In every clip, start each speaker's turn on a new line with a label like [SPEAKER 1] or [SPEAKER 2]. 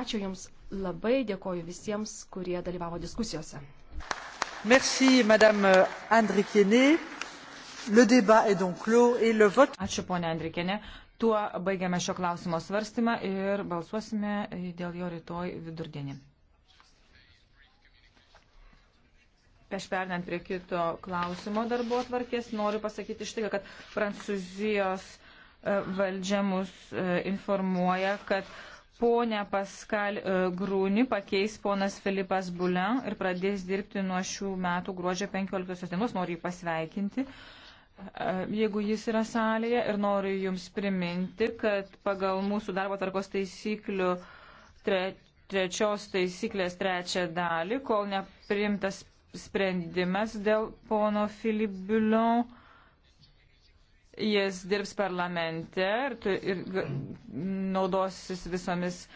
[SPEAKER 1] Ačiū Jums labai, dėkoju visiems, kurie dalyvavo diskusijose.
[SPEAKER 2] Merci, Madame Andrikienė. Le débat est donc clos et le vote. Ačiū, ponia Andrikienė. Tuo baigiame šio klausimo svarstymą ir balsuosime dėl jo rytoj vidurdienį. Prieš pernant prie kito klausimo darbo atvarkės, noriu pasakyti štai, kad Prancūzijos e, valdžia mus e, informuoja, kad ponę Paskal e, Grūni pakeis ponas Filipas Bulen ir pradės dirbti nuo šių metų gruodžio 15 dienos. Noriu jį pasveikinti. E, jeigu jis yra salėje ir noriu Jums priminti, kad pagal mūsų darbo tarkos taisyklių tre, trečios taisyklės trečią dalį, kol neprimtas sprendimas dėl pono Filip Bulen, jis dirbs parlamente ir, ir naudosis visomis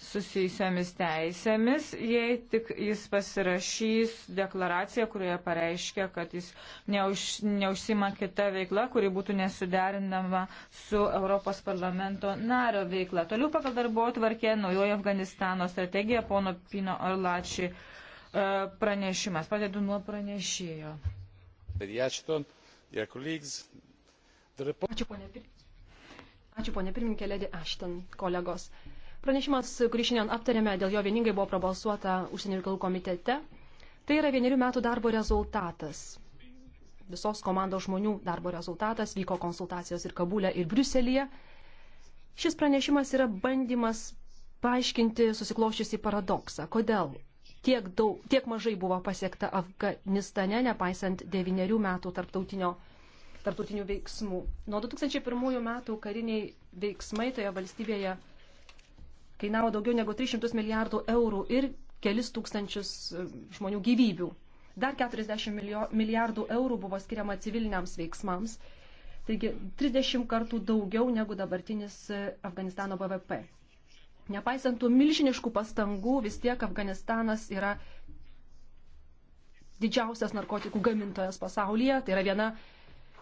[SPEAKER 2] susijusiamis teisėmis, jei tik jis pasirašys deklaraciją, kurioje pareiškia, kad jis neuž, neužsima kita veikla, kuri būtų nesuderinama su Europos parlamento nario veikla. Toliau pagal darbo atvarkė naujojo Afganistano strategija pono Pino Orlači e, pranešimas. Padedu nuo pranešėjo.
[SPEAKER 3] Dėkui.
[SPEAKER 1] Ačiū, ponė, pir... Ačiū, ponė pirmininkė, Ledi Ashton, kolegos. Pranešimas, kurį šiandien aptarėme, dėl jo vieningai buvo prabalsuota užsienio reikalų komitete. Tai yra vienerių metų darbo rezultatas visos komandos žmonių darbo rezultatas, vyko konsultacijos ir Kabulė, ir Briuselėje. Šis pranešimas yra bandymas paaiškinti susikloščiusi paradoksą, kodėl tiek, daug, tiek mažai buvo pasiekta Afganistane, nepaisant devyniarių metų tarptautinio tarptautinių veiksmų. Nuo 2001 metų kariniai veiksmai toje valstybėje kainavo daugiau negu 300 milijardų eurų ir kelis tūkstančius e, žmonių gyvybių. Dar 40 milijardų eurų buvo skiriama civiliniams veiksmams, taigi 30 kartų daugiau negu dabartinis e, Afganistano BVP. Nepaisant tų milžiniškų pastangų, vis tiek Afganistanas yra didžiausias narkotikų gamintojas pasaulyje. Tai yra viena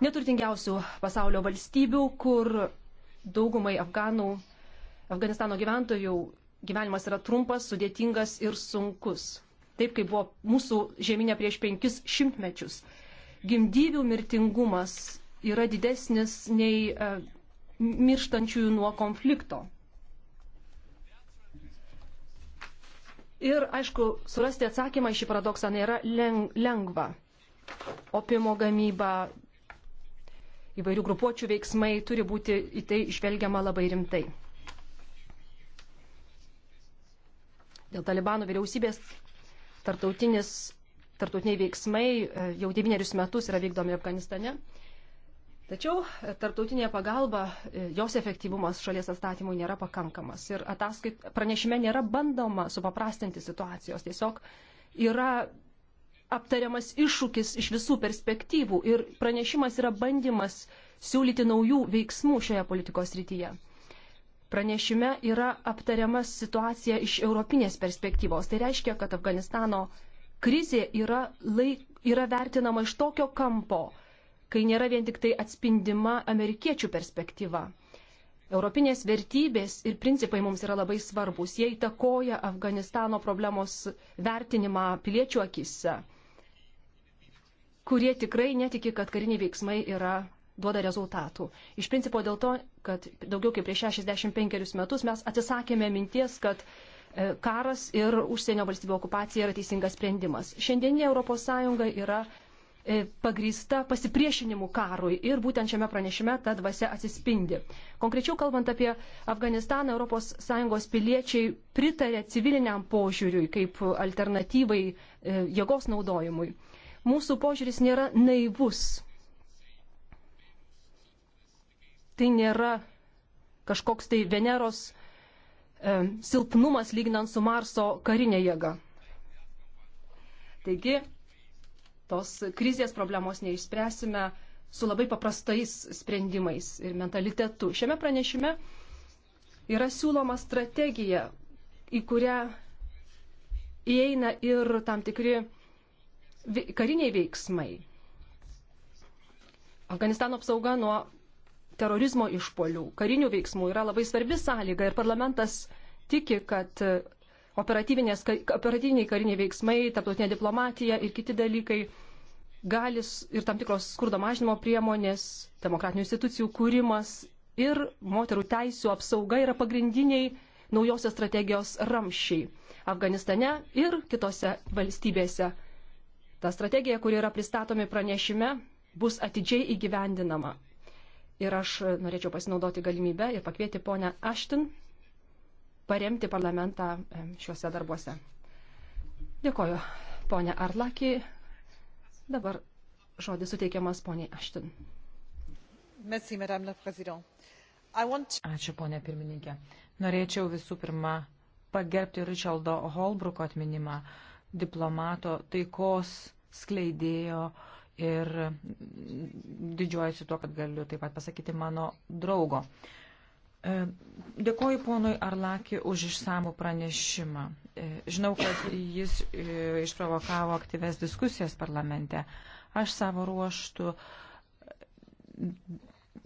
[SPEAKER 1] neturtingiausių pasaulio valstybių, kur daugumai Afganų, Afganistano gyventojų gyvenimas yra trumpas, sudėtingas ir sunkus. Taip kaip buvo mūsų žemynė prieš penkis šimtmečius. Gimdyvių mirtingumas yra didesnis nei e, mirštančiųjų nuo konflikto. Ir, aišku, surasti atsakymą į šį paradoksą nėra lengva. Opimo gamyba, įvairių grupuočių veiksmai turi būti į tai išvelgiama labai rimtai. Dėl Talibano vyriausybės tartautiniai veiksmai e, jau devynerius metus yra vykdomi Afganistane. Tačiau e, tartautinė pagalba, e, jos efektyvumas šalies atstatymui nėra pakankamas. Ir ataskait, pranešime nėra bandoma supaprastinti situacijos. Tiesiog yra aptariamas iššūkis iš visų perspektyvų ir pranešimas yra bandymas siūlyti naujų veiksmų šioje politikos rytyje. Pranešime yra aptariama situacija iš europinės perspektyvos. Tai reiškia, kad Afganistano krizė yra, laik, yra vertinama iš tokio kampo, kai nėra vien tik tai atspindima amerikiečių perspektyva. Europinės vertybės ir principai mums yra labai svarbus. Jie įtakoja Afganistano problemos vertinimą piliečių akise kurie tikrai netiki, kad kariniai veiksmai yra duoda rezultatų. Iš principo dėl to, kad daugiau kaip prieš 65 metus mes atsisakėme minties, kad e, karas ir užsienio valstybių okupacija yra teisingas sprendimas. Šiandieninė ES yra e, pagrįsta pasipriešinimu karui ir būtent šiame pranešime ta dvasia atsispindi. Konkrečiau kalbant apie Afganistaną, ES piliečiai pritarė civiliniam požiūriui kaip alternatyvai e, jėgos naudojimui mūsų požiūris nėra naivus. Tai nėra kažkoks tai Veneros e, silpnumas lyginant su Marso karinė jėga. Taigi, tos krizės problemos neišspręsime su labai paprastais sprendimais ir mentalitetu. Šiame pranešime yra siūloma strategija, į kurią įeina ir tam tikri kariniai veiksmai. Afganistano apsauga nuo terorizmo išpolių, karinių veiksmų yra labai svarbi sąlyga ir parlamentas tiki, kad e, operatyviniai kariniai veiksmai, tarptautinė diplomatija ir kiti dalykai gali ir tam tikros skurdo mažinimo priemonės, demokratinių institucijų kūrimas ir moterų teisų apsauga yra pagrindiniai naujosios strategijos ramšiai Afganistane ir kitose valstybėse Ta strategija, kuri yra pristatomi pranešime, bus atidžiai įgyvendinama. Ir aš norėčiau pasinaudoti galimybę ir pakvieti ponę Ashton paremti parlamentą šiuose darbuose. Dėkoju, ponė Arlaki. Dabar žodis suteikiamas poniai Ashton.
[SPEAKER 2] Merci, want... Ačiū, ponė pirmininkė. Norėčiau visų pirma pagerbti Richardo Holbruko atminimą. Uh, diplomato, taikos skleidėjo ir didžiuojasi tuo, kad galiu taip pat pasakyti mano draugo. E, dėkoju ponui Arlaki už išsamų pranešimą. E, žinau, kad jis e, išprovokavo aktyves diskusijas parlamente. Aš savo ruoštų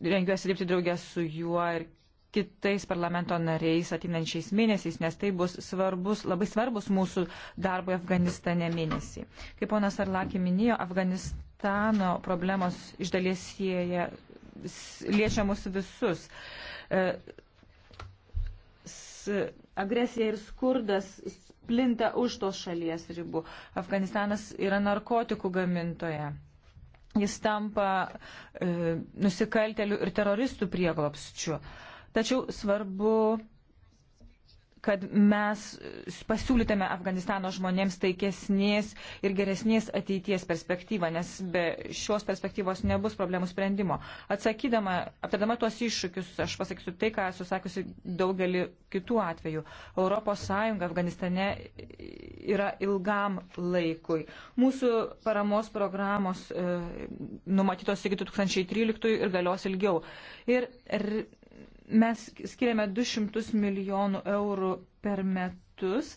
[SPEAKER 2] rengiuosi dirbti draugę su juo ir kitais parlamento nariais ateinančiais mėnesiais, nes tai bus svarbus, labai svarbus mūsų darbui Afganistane mėnesį. Kaip ponas Arlaki minėjo, Afganistano problemos iš dalies sieja, liečia mus visus. E, agresija ir skurdas plinta už tos šalies ribų. Afganistanas yra narkotikų gamintoje jis tampa e, nusikaltelių ir teroristų prieglopsčiu. E, Tačiau svarbu, kad mes pasiūlytume Afganistano žmonėms taikesnės ir geresnės ateities perspektyvą, nes be šios perspektyvos nebus problemų sprendimo. Atsakydama, aptardama tuos iššūkius, aš pasakysiu tai, ką esu sakiusi daugelį kitų atvejų. ES Afganistane yra ilgam laikui. Mūsų paramos programos e, numatytos iki 2013 ir galios ilgiau. Ir, ir mes skiriame 200 milijonų eurų per metus.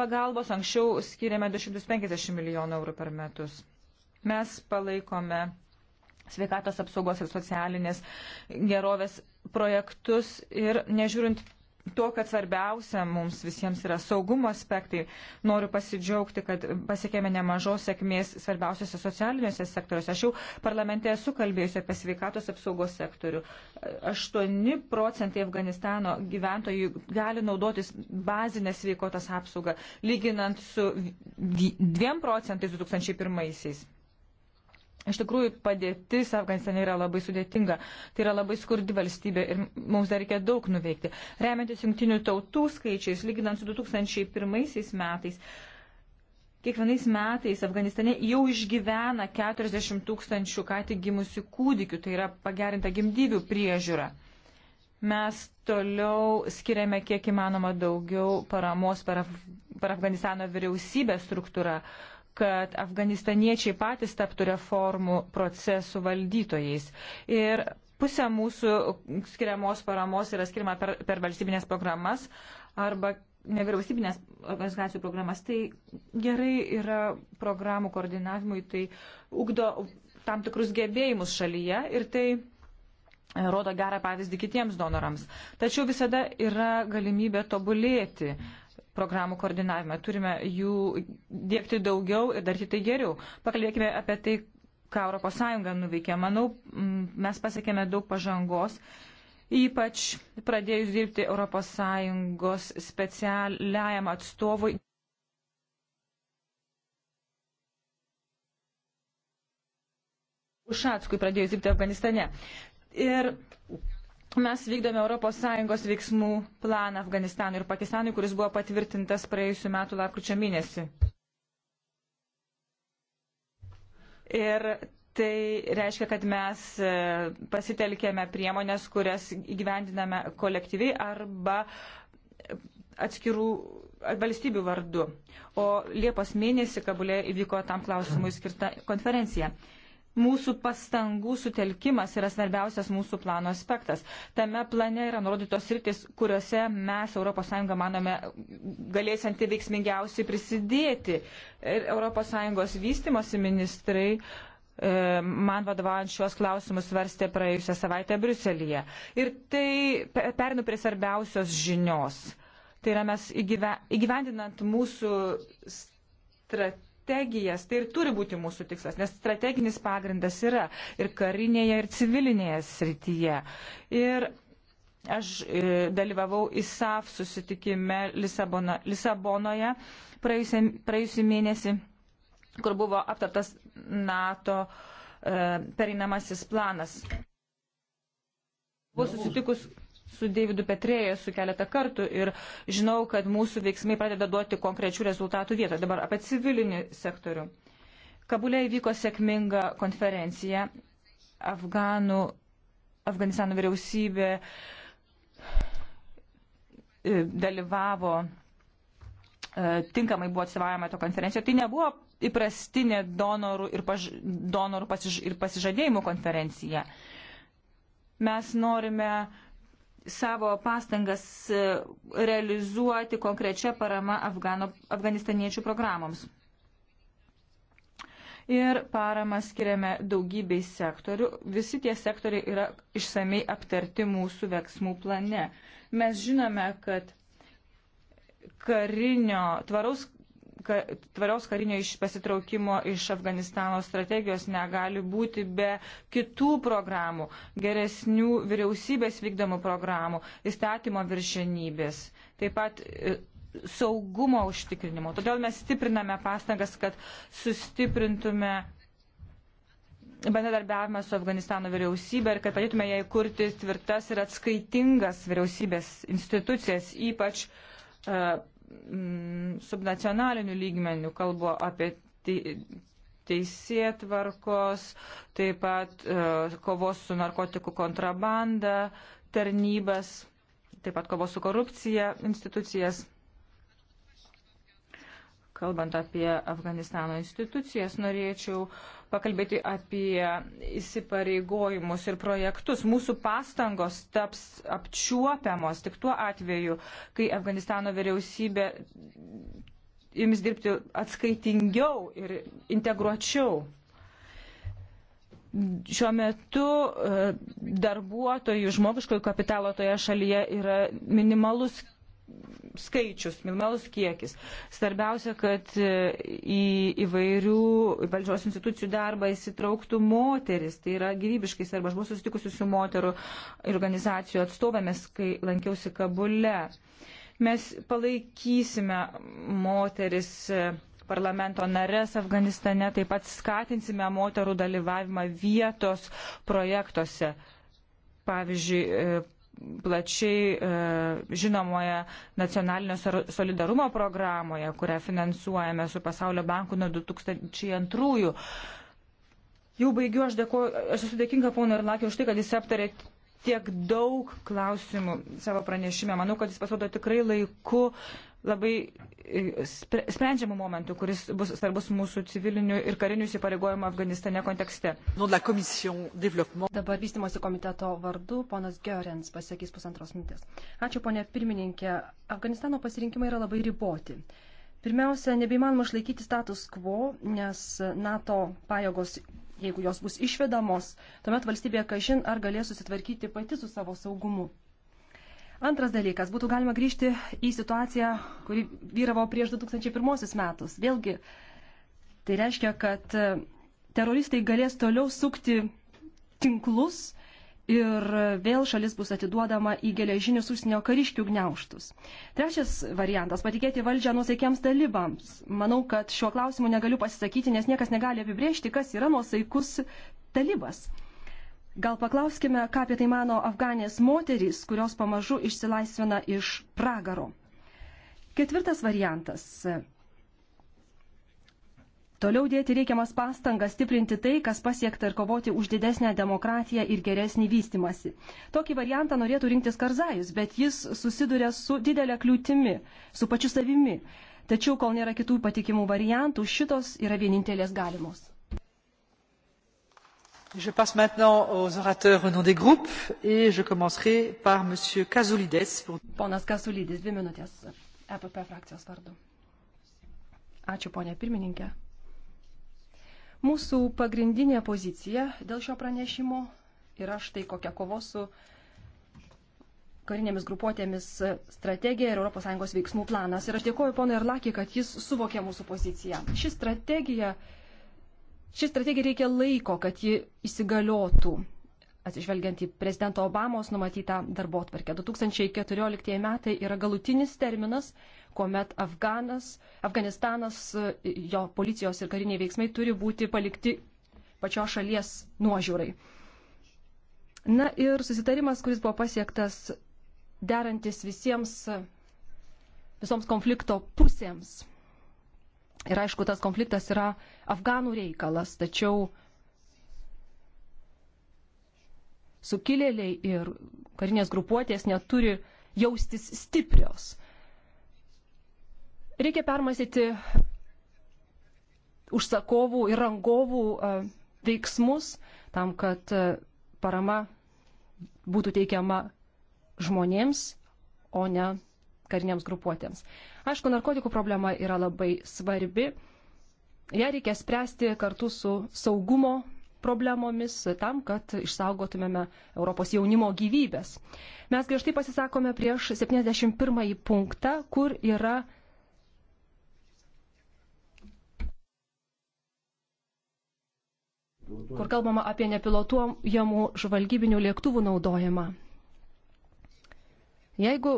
[SPEAKER 2] Pagalbos anksčiau skiriame 250 milijonų eurų per metus. Mes palaikome sveikatos apsaugos ir socialinės gerovės projektus ir nežiūrint to, kad svarbiausia mums visiems yra saugumo aspektai. Noriu pasidžiaugti, kad pasiekėme nemažos sėkmės svarbiausiose socialiniuose sektoriuose. Aš jau parlamente esu kalbėjusi apie sveikatos apsaugos sektorių. 8 procentai Afganistano gyventojų gali naudotis bazinę sveikotas apsaugą, lyginant su 2 procentais 2001. -aisiais. Iš tikrųjų, padėtis Afganistane yra labai sudėtinga. Tai yra labai skurdi valstybė ir mums dar reikia daug nuveikti. Remiantis jungtinių tautų skaičiais, lyginant su 2001 metais, kiekvienais metais Afganistane jau išgyvena 40 tūkstančių ką tik gimusių kūdikių, tai yra pagerinta gimdybių priežiūra. Mes toliau skiriame kiek įmanoma daugiau paramos per, Af per Afganistano vyriausybės struktūrą. Uh, kad afganistaniečiai patys taptų reformų procesų valdytojais. Ir pusė mūsų skiriamos paramos yra skiriama per, per valstybinės programas arba nevyriausybinės organizacijų programas. Tai gerai yra programų koordinavimui, tai ugdo tam tikrus gebėjimus šalyje ir tai e, rodo gerą pavyzdį kitiems donorams. Tačiau visada yra galimybė tobulėti. Mm programų koordinavimą. Turime jų dėkti daugiau ir daryti tai geriau. Pakalbėkime apie tai, ką ES nuveikė. Manau, mes pasiekėme daug pažangos, ypač pradėjus dirbti ES specialiajam atstovui. Ušatskui pradėjus dirbti Afganistane. Ir Mes vykdome ES veiksmų planą Afganistanui ir Pakistanui, kuris buvo patvirtintas praėjusiu metu lapkričio mėnesį. Ir tai reiškia, kad mes e, pasitelkėme priemonės, kurias įgyvendiname kolektyviai arba atskirų valstybių vardu. O Liepos mėnesį Kabulė įvyko tam klausimui skirta konferencija mūsų pastangų sutelkimas yra svarbiausias mūsų plano aspektas. Tame plane yra nurodytos rytis, kuriuose mes, ES, manome, galėsianti veiksmingiausiai prisidėti. Ir ES vystimosi ministrai e, man vadovaujant šios klausimus svarstė praėjusią savaitę Bruselėje. Ir tai pernu prie svarbiausios žinios. Tai yra mes įgyvendinant mūsų strategiją strategijas, tai ir turi būti mūsų tikslas, nes strateginis pagrindas yra ir karinėje, ir civilinėje srityje. Ir aš e, dalyvavau ISAF susitikime Lisabono, Lisabonoje praėjusį mėnesį, kur buvo aptartas NATO e, perinamasis planas. Buvo susitikus su Davidu Petrėjus su keletą kartų ir žinau, kad mūsų veiksmai pradeda duoti konkrečių rezultatų vietą. Dabar apie civilinį sektorių. Kabulė įvyko sėkminga konferencija. Afganų, Afganistano vyriausybė e, dalyvavo e, tinkamai buvo atstovavama to konferencijoje. Tai nebuvo įprastinė donorų ir, paž, donorų pasiž, ir pasižadėjimų konferencija. Mes norime savo pastangas e, realizuoti konkrečią paramą Afgano, afganistaniečių programoms. Ir paramą skiriame daugybei sektorių. Visi tie sektoriai yra išsamei aptarti mūsų veiksmų plane. Mes žinome, kad karinio, tvaraus ka, tvarios karinio iš pasitraukimo iš Afganistano strategijos negali būti be kitų programų, geresnių vyriausybės vykdomų programų, įstatymo viršenybės, taip pat e, saugumo užtikrinimo. Todėl mes stipriname pastangas, kad sustiprintume bendradarbiavimą su Afganistano vyriausybė ir kad padėtume jai kurti tvirtas ir atskaitingas vyriausybės institucijas, ypač uh, mm, subnacionaliniu lygmeniu, kalbu apie teisėtvarkos, taip pat e, kovos su narkotikų kontrabanda, tarnybas, taip pat kovos su korupcija institucijas kalbant apie Afganistano institucijas, norėčiau pakalbėti apie įsipareigojimus ir projektus. Mūsų pastangos taps apčiuopiamos tik tuo atveju, kai Afganistano vyriausybė jums dirbti atskaitingiau ir integruočiau. Šiuo metu e, darbuotojų žmogiškojų kapitalo toje šalyje yra minimalus skaičius, minimalus kiekis. Svarbiausia, kad e, į įvairių valdžios institucijų darbą įsitrauktų moteris. Tai yra gyvybiškai svarbu. Aš buvau susitikusi su moterų organizacijų atstovėmis, kai lankiausi Kabule. Mes palaikysime moteris e, parlamento nares Afganistane, taip pat skatinsime moterų dalyvavimą vietos projektuose. Pavyzdžiui, e, plačiai e, žinomoje nacionalinio solidarumo programoje, kurią finansuojame su Pasaulio banku nuo 2002. Jau baigiu, aš, dėkuoju, aš esu dėkinga ponui Arlakiu už tai, kad jis aptarė tiek daug klausimų savo pranešime. Manau, kad jis pasirodo tikrai laiku labai e, sprendžiamų momentų, kuris bus svarbus mūsų civilinių ir karinių įsipareigojimų Afganistane kontekste. Dabar vystimosi komiteto vardu
[SPEAKER 1] ponas Görens pasakys pusantros minutės. Ačiū ponė pirmininkė. Afganistano pasirinkimai yra labai riboti. Pirmiausia, nebeimanoma išlaikyti status quo, nes NATO pajėgos, jeigu jos bus išvedamos, tuomet valstybė kažin ar galės susitvarkyti pati su savo saugumu. Antras dalykas, būtų galima grįžti į situaciją, kuri vyravo prieš 2001 metus. Vėlgi, tai reiškia, kad e, teroristai galės toliau sukti tinklus ir vėl šalis bus atiduodama į geležinius užsienio kariškių gniauštus. Trečias variantas - patikėti valdžią nusaikiems talibams. Manau, kad šiuo klausimu negaliu pasisakyti, nes niekas negali apibriežti, kas yra nuosaikus talibas. Gal paklauskime, ką apie tai mano afganės moterys, kurios pamažu išsilaisvina iš pragaro. Ketvirtas variantas. Toliau dėti reikiamas pastangas stiprinti tai, kas pasiekta ir kovoti už didesnę demokratiją ir geresnį vystimasi. Tokį variantą norėtų rinktis Karzajus, bet jis susiduria su didelė kliūtimi, su pačiu savimi. Tačiau, kol nėra kitų patikimų variantų, šitos yra vienintelės galimos
[SPEAKER 2] je passe maintenant aux orateurs au nom des groupes et
[SPEAKER 1] je commencerai par m. kazoulides. ponas kazoulides dvi minutės epp frakcijos vardu. ačiū ponia pirmininkė. mūsų pagrindinė pozicija dėl šio pranešimo yra štai kokia kovos su karinėmis grupuotėmis strategija ir ES veiksmų planas. Ir aš dėkoju ponai Arlaki, kad jis suvokė mūsų poziciją. Ši strategija Ši strategija reikia laiko, kad ji įsigaliotų, atsižvelgiant į prezidento Obamos numatytą darbo atvarkę. 2014 metai yra galutinis terminas, kuomet Afganas, Afganistanas, jo policijos ir kariniai veiksmai turi būti palikti pačio šalies nuožiūrai. Na ir susitarimas, kuris buvo pasiektas derantis visiems, visoms konflikto pusėms Ir aišku, tas konfliktas yra afganų reikalas, tačiau sukilėliai ir karinės grupuotės neturi jaustis stiprios. Reikia permasyti užsakovų ir rangovų e, veiksmus tam, kad e, parama būtų teikiama žmonėms, o ne kariniams grupuotėms. Aišku, narkotikų problema yra labai svarbi. Ja reikia spręsti kartu su saugumo problemomis tam, kad išsaugotumėme Europos jaunimo gyvybės. Mes griežtai pasisakome prieš 71 punktą, kur yra kur kalbama apie nepilotuojamų žvalgybinių lėktuvų naudojimą. Jeigu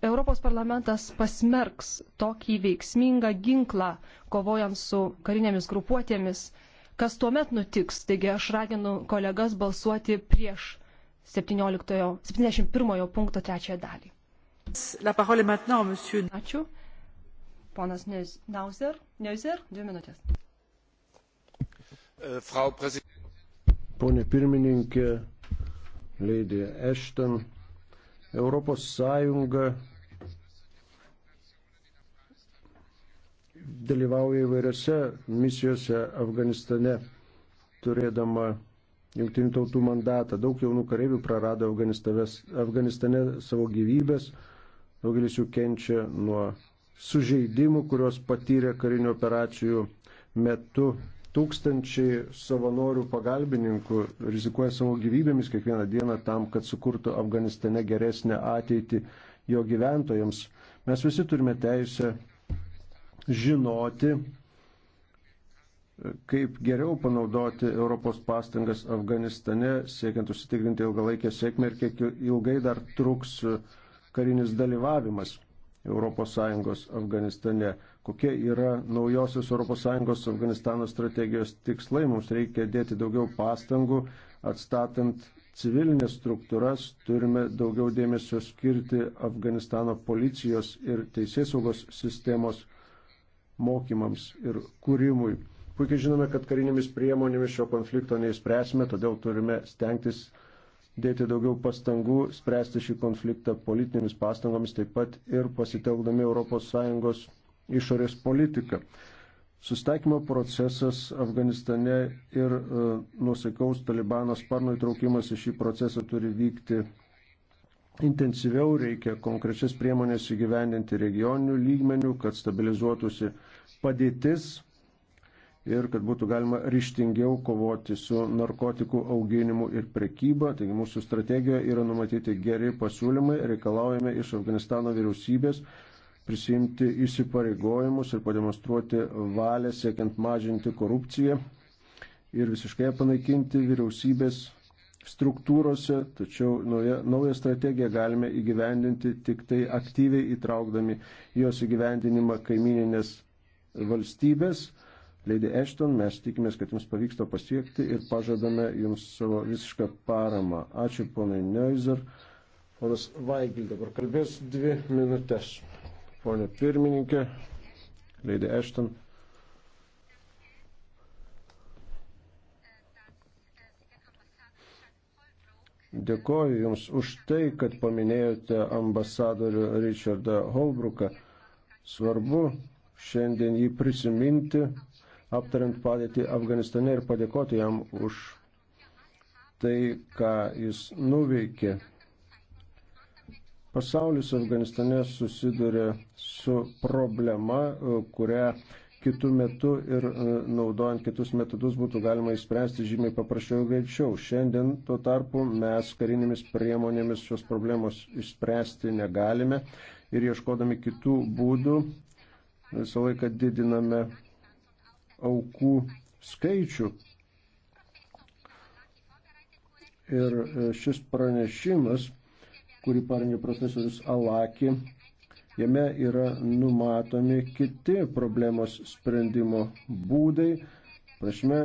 [SPEAKER 1] Europos parlamentas pasmerks tokį veiksmingą ginklą, kovojant su karinėmis grupuotėmis, kas tuomet nutiks. Taigi aš raginu kolegas balsuoti prieš 17, 71 punkto trečiąją dalį. Ačiū. Ponas Neuser, Neuser, dvi minutės.
[SPEAKER 3] E, Pone pirmininkė, Leidė Ešten, Europos Sąjunga dalyvauja įvairiose misijose Afganistane, turėdama jungtinių tautų mandatą. Daug jaunų kareivių prarado Afganistane savo gyvybės, daugelis jų kenčia nuo sužeidimų, kuriuos patyrė karinių operacijų metu. Tūkstančiai savanorių pagalbininkų rizikuoja savo gyvybėmis kiekvieną dieną tam, kad sukurtų Afganistane geresnę ateitį jo gyventojams. Mes visi turime teisę žinoti, kaip geriau panaudoti Europos pastangas Afganistane, siekiant užsitikrinti ilgalaikę sėkmę ir kiek ilgai dar truks karinis dalyvavimas ES Afganistane. Kokie yra naujosios ES Afganistano strategijos tikslai? Mums reikia dėti daugiau pastangų, atstatant civilinės struktūras, turime daugiau dėmesio skirti Afganistano policijos ir teisėsaugos sistemos mokymams ir kūrimui. Puikiai žinome, kad karinėmis priemonėmis šio konflikto neįspręsime, todėl turime stengtis dėti daugiau pastangų spręsti šį konfliktą politinėmis pastangomis, taip pat ir pasitelkdami ES išorės politiką. Sustaikymo procesas Afganistane ir e, nusikaus Talibano sparno įtraukimas į šį procesą turi vykti intensyviau, reikia konkrečias priemonės įgyvendinti regioninių lygmenių, kad stabilizuotųsi padėtis ir kad būtų galima ryštingiau kovoti su narkotikų auginimu ir prekyba. Taigi mūsų strategijoje yra numatyti geri pasiūlymai, reikalaujame iš Afganistano vyriausybės prisimti įsipareigojimus ir pademonstruoti valią siekiant mažinti korupciją ir visiškai panaikinti vyriausybės struktūrose, tačiau nauja, naują strategiją galime įgyvendinti tik tai aktyviai įtraukdami jos įgyvendinimą kaimininės valstybės. Leidė Ešton, mes tikimės, kad jums pavyks to pasiekti ir pažadame jums savo visišką paramą. Ačiū ponai Neuzer. Ponas Vaigil dabar kalbės dvi minutės. Pone pirmininkė, Leidė Ešton. Dėkoju Jums už tai, kad paminėjote ambasadorių Richardą Holbrooką. Svarbu šiandien jį prisiminti, aptariant padėtį Afganistane ir padėkoti jam už tai, ką jis nuveikė. Pasaulis Afganistane susiduria su problema, e, kurią kitų metų ir e, naudojant kitus metodus būtų galima įspręsti žymiai paprasčiau ir greičiau. Šiandien tuo tarpu mes karinėmis priemonėmis šios problemos išspręsti negalime ir ieškodami kitų būdų visą laiką didiname aukų skaičių. Ir e, šis pranešimas, kurį parengė profesorius Alaki, jame yra numatomi kiti problemos sprendimo būdai. Prašme,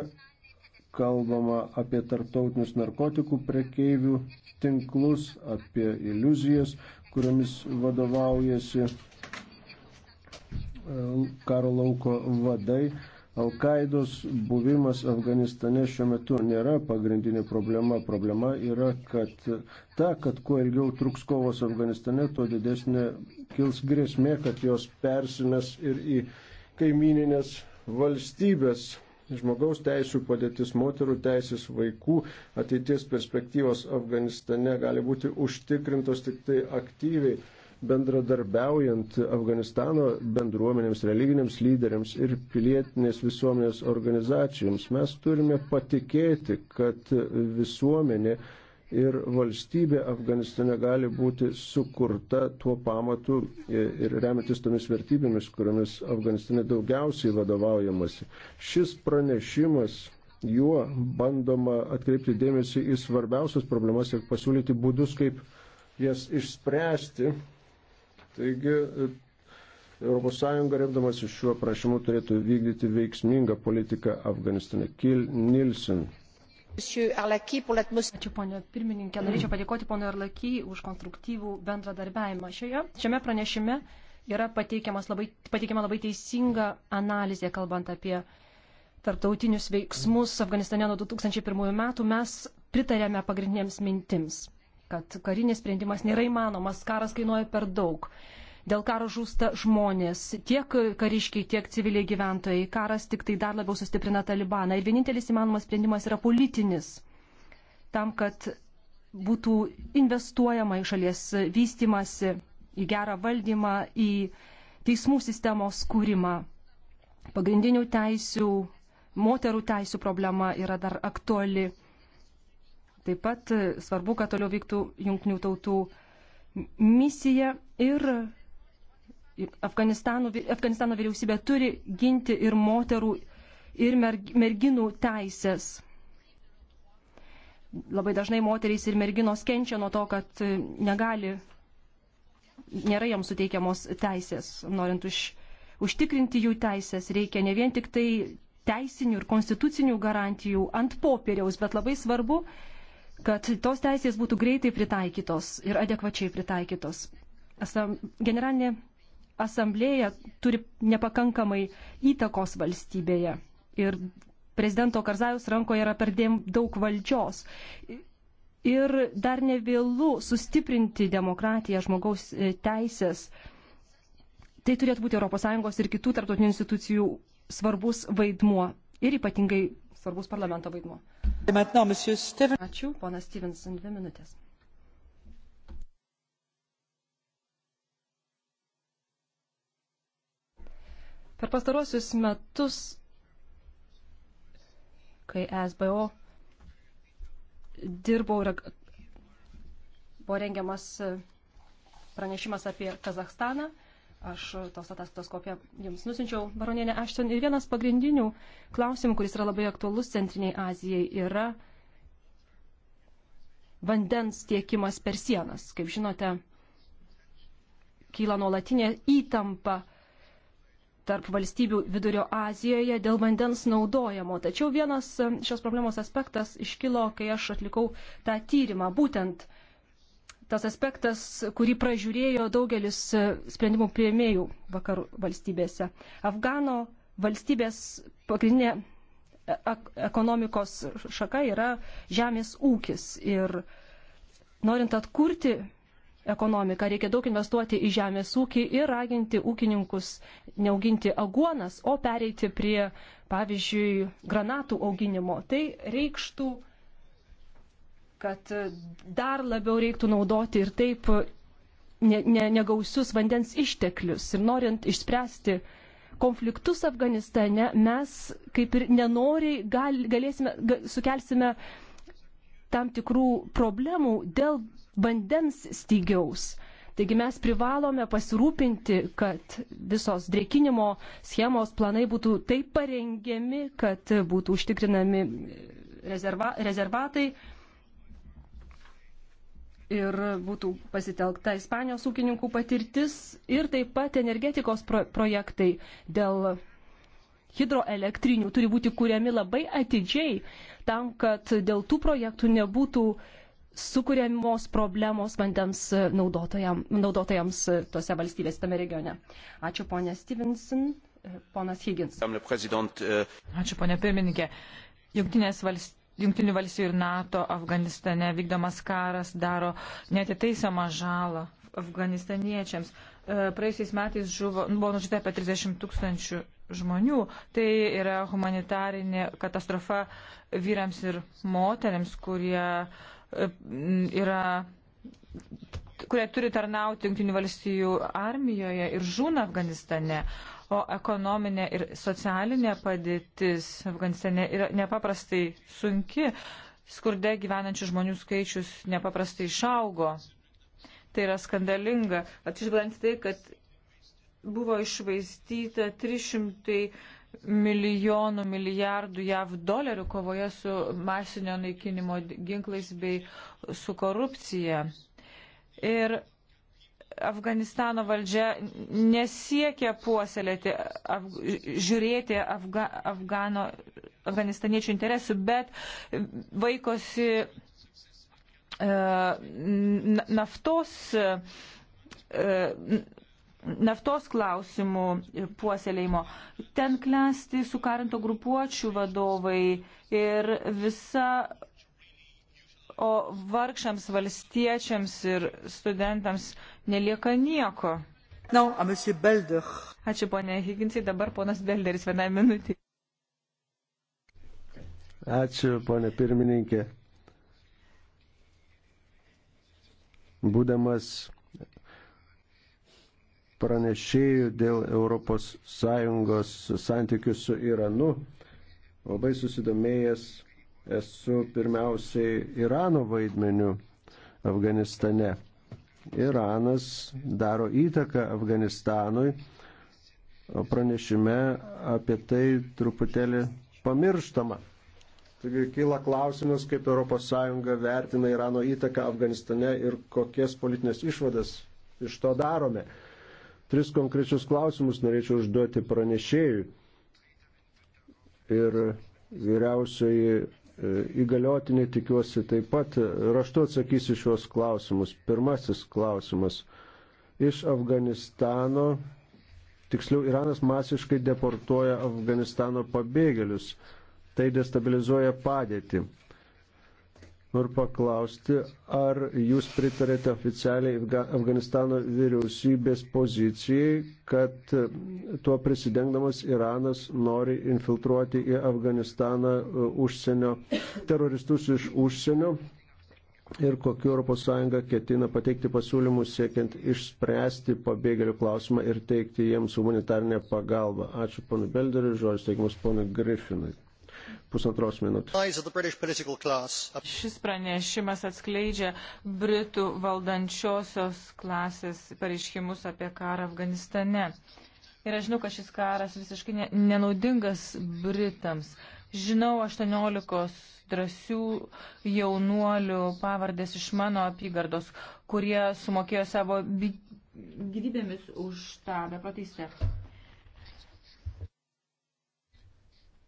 [SPEAKER 3] kalbama apie tarptautinius narkotikų prekeivių tinklus, apie iliuzijas, kuriomis vadovaujasi karo lauko vadai. Al-Qaidos buvimas Afganistane šiuo metu nėra pagrindinė problema. Problema yra, kad ta, kad kuo ilgiau truks kovos Afganistane, tuo didesnė kils grėsmė, kad jos persimės ir į kaimininės valstybės. Žmogaus teisų padėtis, moterų teisės, vaikų ateities perspektyvos Afganistane gali būti užtikrintos tik tai aktyviai bendradarbiaujant Afganistano bendruomenėms, religinėms lyderiams ir pilietinės visuomenės organizacijoms. Mes turime patikėti, kad visuomenė ir valstybė Afganistane gali būti sukurta tuo pamatu ir remiantis tomis vertybėmis, kuriomis Afganistane daugiausiai vadovaujamasi. Šis pranešimas, juo bandoma atkreipti dėmesį į svarbiausias problemas ir pasiūlyti būdus, kaip jas išspręsti Taigi ES remdamasi šiuo prašymu turėtų vykdyti veiksmingą politiką Afganistane. Kil Nilsen.
[SPEAKER 1] Ačiū, ponė pirmininkė. Norėčiau padėkoti ponui Arlaky už konstruktyvų bendradarbiavimą. Šioje, šiame pranešime yra labai, pateikiama labai teisinga analizė, kalbant apie tarptautinius veiksmus Afganistane nuo 2001 metų. Mes pritarėme pagrindinėms mintims kad karinis sprendimas nėra įmanomas, karas kainuoja per daug. Dėl karo žūsta žmonės, tiek kariškiai, tiek civiliai gyventojai. Karas tik tai dar labiau sustiprina Talibaną. Ir vienintelis įmanomas sprendimas yra politinis. Tam, kad būtų investuojama į šalies vystimasi, į gerą valdymą, į teismų sistemos kūrimą. Pagrindinių teisių, moterų teisių problema yra dar aktuali Taip pat svarbu, kad toliau vyktų jungtinių tautų misija ir Afganistano, Afganistano vyriausybė turi ginti ir moterų, ir merginų teisės. Labai dažnai moterys ir merginos kenčia nuo to, kad negali, nėra joms suteikiamos teisės. Norint už, užtikrinti jų teisės, reikia ne vien tik tai teisinių ir konstitucinių garantijų ant popieriaus, bet labai svarbu, kad tos teisės būtų greitai pritaikytos ir adekvačiai pritaikytos. Asam, generalinė asamblėja turi nepakankamai įtakos valstybėje ir prezidento Karzajus rankoje yra perdėm daug valdžios. Ir dar nevėlų sustiprinti demokratiją, žmogaus e, teisės. Tai turėtų būti ES ir kitų tarptautinių institucijų svarbus vaidmuo ir ypatingai svarbus parlamento vaidmo. Ačiū, ponas Stevenson, dvi minutės. Per pastarosius metus, kai SBO dirbau ir buvo rengiamas pranešimas apie Kazahstaną, Aš tos ataskaitos kopiją jums nusinčiau, baronienė Ašton. Ir vienas pagrindinių klausimų, kuris yra labai aktualus Centriniai Azijai, yra vandens tiekimas per sienas. Kaip žinote, kyla nuolatinė įtampa tarp valstybių Vidurio Azijoje dėl vandens naudojimo. Tačiau vienas šios problemos aspektas iškilo, kai aš atlikau tą tyrimą, būtent tas aspektas, kurį pražiūrėjo daugelis e, sprendimų prieimėjų vakarų valstybėse. Afgano valstybės pagrindinė e, ekonomikos šaka yra žemės ūkis ir norint atkurti ekonomiką reikia daug investuoti į žemės ūkį ir raginti ūkininkus neauginti aguonas, o pereiti prie, pavyzdžiui, granatų auginimo. Tai reikštų kad dar labiau reiktų naudoti ir taip ne, ne, negausius vandens išteklius. Ir norint išspręsti konfliktus Afganistane, mes kaip ir nenoriai gal, galėsime, gal, sukelsime tam tikrų problemų dėl vandens stygiaus. Taigi mes privalome pasirūpinti, kad visos drėkinimo schemos planai būtų taip parengiami, kad būtų užtikrinami rezerva, rezervatai ir būtų pasitelkta Ispanijos ūkininkų patirtis ir taip pat energetikos pro projektai dėl hidroelektrinių turi būti kuriami labai atidžiai tam, kad dėl tų projektų nebūtų sukūriamos problemos vandens naudotojams, naudotojams tose valstybėse tame regione. Ačiū ponė
[SPEAKER 2] Stevenson, ponas Higgins.
[SPEAKER 3] Euh,
[SPEAKER 2] Ačiū ponė pirmininkė. Jungtinės valstybės Junktinių valstybių ir NATO Afganistane vykdomas karas daro netitaisomą žalą afganistaniečiams. E, praėjusiais metais žuvo, buvo nužudyta apie 30 tūkstančių žmonių. Tai yra humanitarinė katastrofa vyrams ir moteriams, kurie e, yra kurie turi tarnauti Junktinių valstybių armijoje ir žūna Afganistane o ekonominė ir socialinė padėtis Afganistane yra nepaprastai sunki. Skurde gyvenančių žmonių skaičius nepaprastai išaugo. Tai yra skandalinga. Atsižvelgiant tai, kad buvo išvaistyta 300 milijonų milijardų JAV dolerių kovoje su masinio naikinimo ginklais bei su korupcija. Ir Afganistano valdžia nesiekia puoselėti, af, žiūrėti Afga, Afgano, afganistaniečių interesų, bet vaikosi e, naftos, e, naftos klausimų puoselėjimo. Ten klesti sukarinto grupuočių vadovai ir visa o vargšams valstiečiams ir studentams nelieka nieko. No, Ačiū ponė Higginsai, dabar ponas Belderis vieną minutį.
[SPEAKER 3] Ačiū ponė pirmininkė. Būdamas pranešėjų dėl ES santykių su Iranu, labai susidomėjęs esu pirmiausiai Irano vaidmeniu Afganistane. Iranas daro įtaką Afganistanui, o pranešime apie tai truputėlį pamirštama. Taigi kyla klausimas, kaip ES vertina Irano įtaką Afganistane ir kokias politinės išvadas iš to darome. Tris konkrečius klausimus norėčiau užduoti pranešėjui ir vyriausiai E, įgaliotinė tikiuosi taip pat e, raštu atsakysiu šios klausimus. Pirmasis klausimas. Iš Afganistano, tiksliau Iranas masiškai deportuoja Afganistano pabėgėlius. Tai destabilizuoja padėtį. Noriu paklausti, ar jūs pritarėte oficialiai Afganistano vyriausybės pozicijai, kad e, tuo prisidengdamas Iranas nori infiltruoti į Afganistaną e, užsienio teroristus iš užsienio ir kokiu ES ketina pateikti pasiūlymus siekiant išspręsti pabėgėlių klausimą ir teikti jiems humanitarnę pagalbą. Ačiū ponui Belderiui, žodžius teikimus ponui Griffinui pusantros
[SPEAKER 2] minutės. Šis pranešimas atskleidžia Britų valdančiosios klasės pareiškimus apie karą Afganistane. Ir aš žinau, kad šis karas visiškai nenaudingas Britams. Žinau 18 drąsių jaunuolių pavardės iš mano apygardos, kurie sumokėjo savo gyvybėmis už tą beprotystę.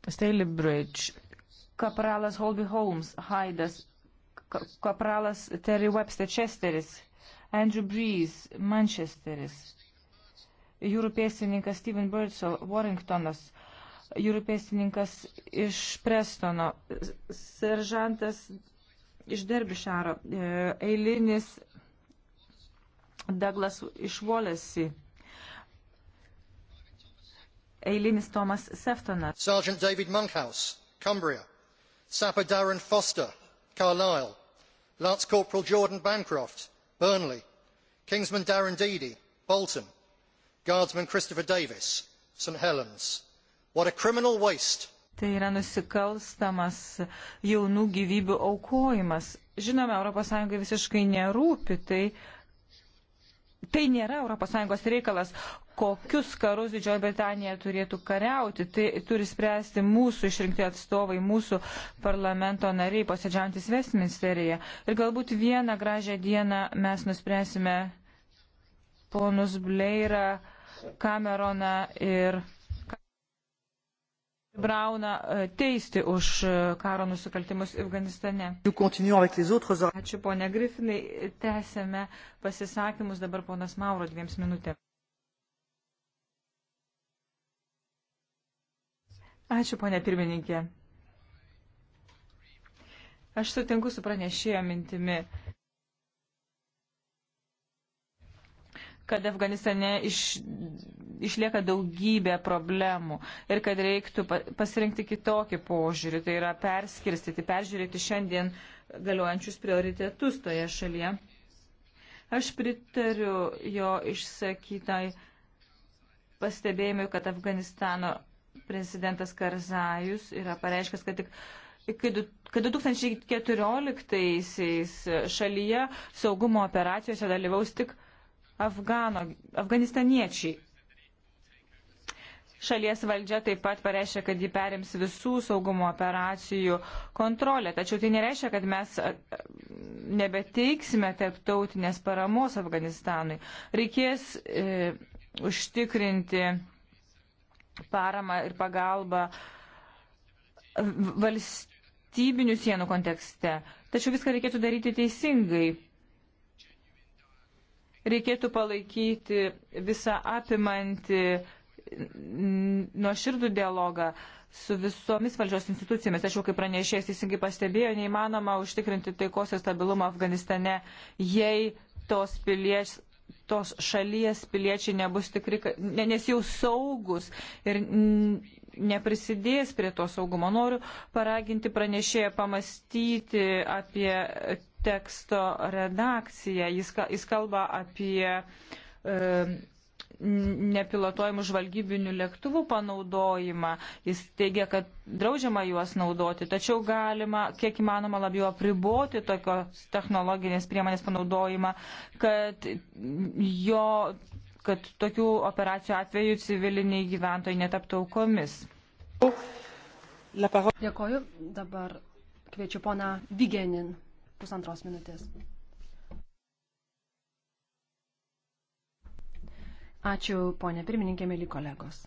[SPEAKER 2] Staley Bridge, kapralas Holby Holmes, Haidas, kapralas Terry Webster Chesteris, Andrew Breeze, Manchesteris, jūrų pėstininkas Steven Birdsall, Warringtonas, jūrų pėstininkas iš Prestono, seržantas iš Derbišaro, e, eilinis Douglas iš Volesi eilinis Tomas Seftonas. Sergeant David Monkhouse, Cumbria. Sapper Darren Foster, Carlisle. Lance Corporal Jordan Bancroft,
[SPEAKER 1] Burnley. Kingsman Darren Deedy, Bolton. Guardsman Christopher Davis,
[SPEAKER 2] St Helens. What a criminal waste! Tai yra nusikalstamas jaunų gyvybių aukojimas. Žinome, ES visiškai nerūpi, tai, tai nėra ES reikalas kokius karus Didžioji Britanija turėtų kariauti. Tai turi spręsti mūsų išrinkti atstovai, mūsų parlamento nariai, posėdžiantis Westminsteryje. Ir galbūt vieną gražią dieną mes nuspręsime ponus Bleirą, Cameroną ir Brauna e, teisti už e, karo nusikaltimus Afganistane. Ačiū ponia Grifinai, tęsėme pasisakymus dabar ponas Mauro dviems minutėms. Ačiū, ponė pirmininkė. Aš sutinku su pranešėjo mintimi, kad Afganistane iš, išlieka daugybė problemų ir kad reiktų pasirinkti kitokį požiūrį, tai yra perskirstyti, peržiūrėti šiandien galiojančius prioritetus toje šalyje. Aš pritariu jo išsakytai pastebėjimui, kad Afganistano Prezidentas Karzajus yra pareiškęs, kad tik kad 2014-aisiais šalyje saugumo operacijose dalyvaus tik Afgano, afganistaniečiai. Šalies valdžia taip pat pareiškia, kad ji perims visų saugumo operacijų kontrolę, tačiau tai nereiškia, kad mes nebeteiksime tarptautinės paramos Afganistanui. Reikės e, užtikrinti paramą ir pagalbą valstybinių sienų kontekste. Tačiau viską reikėtų daryti teisingai. Reikėtų palaikyti visą apimantį nuoširdų dialogą su visomis valdžios institucijomis. Tačiau, kaip pranešėjas teisingai pastebėjo, neįmanoma užtikrinti taikos ir stabilumą Afganistane, jei tos pilies, tos šalies piliečiai nebus tikri, nes jau saugus ir neprisidės prie to saugumo. Noriu paraginti pranešėją pamastyti apie teksto redakciją. Jis, jis kalba apie e, nepilotuojamų žvalgybinių lėktuvų panaudojimą. Jis teigia, kad draudžiama juos naudoti, tačiau galima kiek įmanoma labiau apriboti tokios technologinės priemonės panaudojimą, kad jo kad tokių operacijų atveju civiliniai gyventojai netaptų aukomis. Dėkoju.
[SPEAKER 1] Dabar kviečiu poną Vigenin pusantros minutės. Ačiū, ponė pirmininkė, mėly kolegos.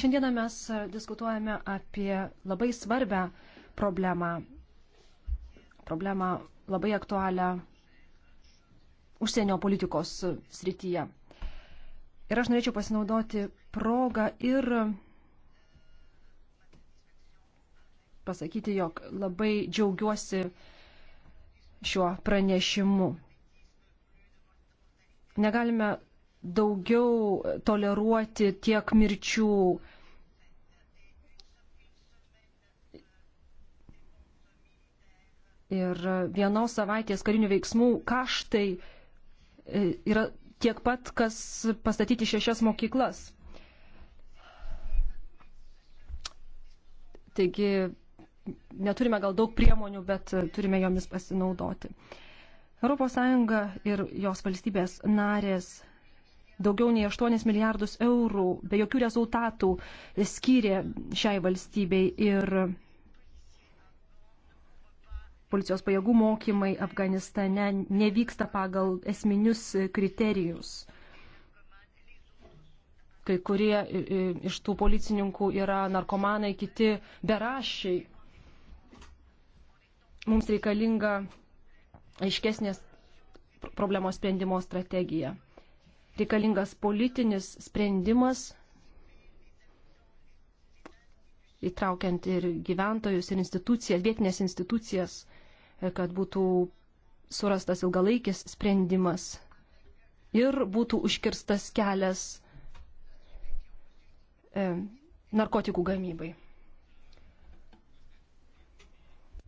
[SPEAKER 1] Šiandieną mes diskutuojame apie labai svarbę problemą, problemą labai aktualią užsienio politikos srityje. Ir aš norėčiau pasinaudoti progą ir pasakyti, jog labai džiaugiuosi šiuo pranešimu. Negalime daugiau toleruoti tiek mirčių. Ir vienos savaitės karinių veiksmų kaštai e, yra tiek pat, kas pastatyti šešias mokyklas. Taigi neturime gal daug priemonių, bet turime jomis pasinaudoti. ES ir jos valstybės narės daugiau nei 8 milijardus eurų be jokių rezultatų skyrė šiai valstybei ir policijos pajėgų mokymai Afganistane nevyksta pagal esminius kriterijus. Kai kurie iš tų policininkų yra narkomanai, kiti berašiai. Mums reikalinga aiškesnės problemos sprendimo strategija reikalingas politinis sprendimas, įtraukiant ir gyventojus, ir institucijas, vietinės institucijas, kad būtų surastas ilgalaikis sprendimas ir būtų užkirstas kelias
[SPEAKER 2] e, narkotikų gamybai.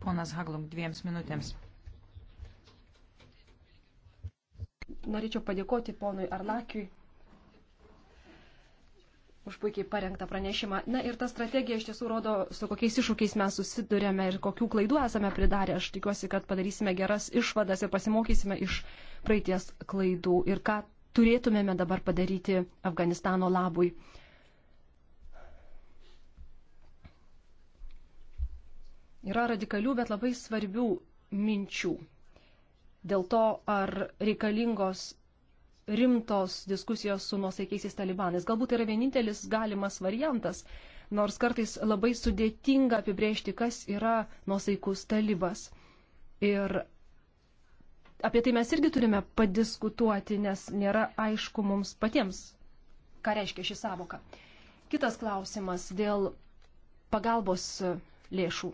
[SPEAKER 2] Ponas Haglum, dviems minutėms. norėčiau padėkoti ponui Arlakiui už
[SPEAKER 1] puikiai parengtą pranešimą. Na ir ta strategija iš tiesų rodo, su kokiais iššūkiais mes susidurėme ir kokių klaidų esame pridarę. Aš tikiuosi, kad padarysime geras išvadas ir pasimokysime iš praeities klaidų ir ką turėtumėme dabar padaryti Afganistano labui. Yra radikalių, bet labai svarbių minčių dėl to, ar reikalingos rimtos diskusijos su nuosaikiaisiais talibanais. Galbūt tai yra vienintelis galimas variantas, nors kartais labai sudėtinga apibrėžti, kas yra nuosaikus talibas. Ir apie tai mes irgi turime padiskutuoti, nes nėra aišku mums patiems, ką reiškia ši savoka. Kitas klausimas dėl pagalbos lėšų.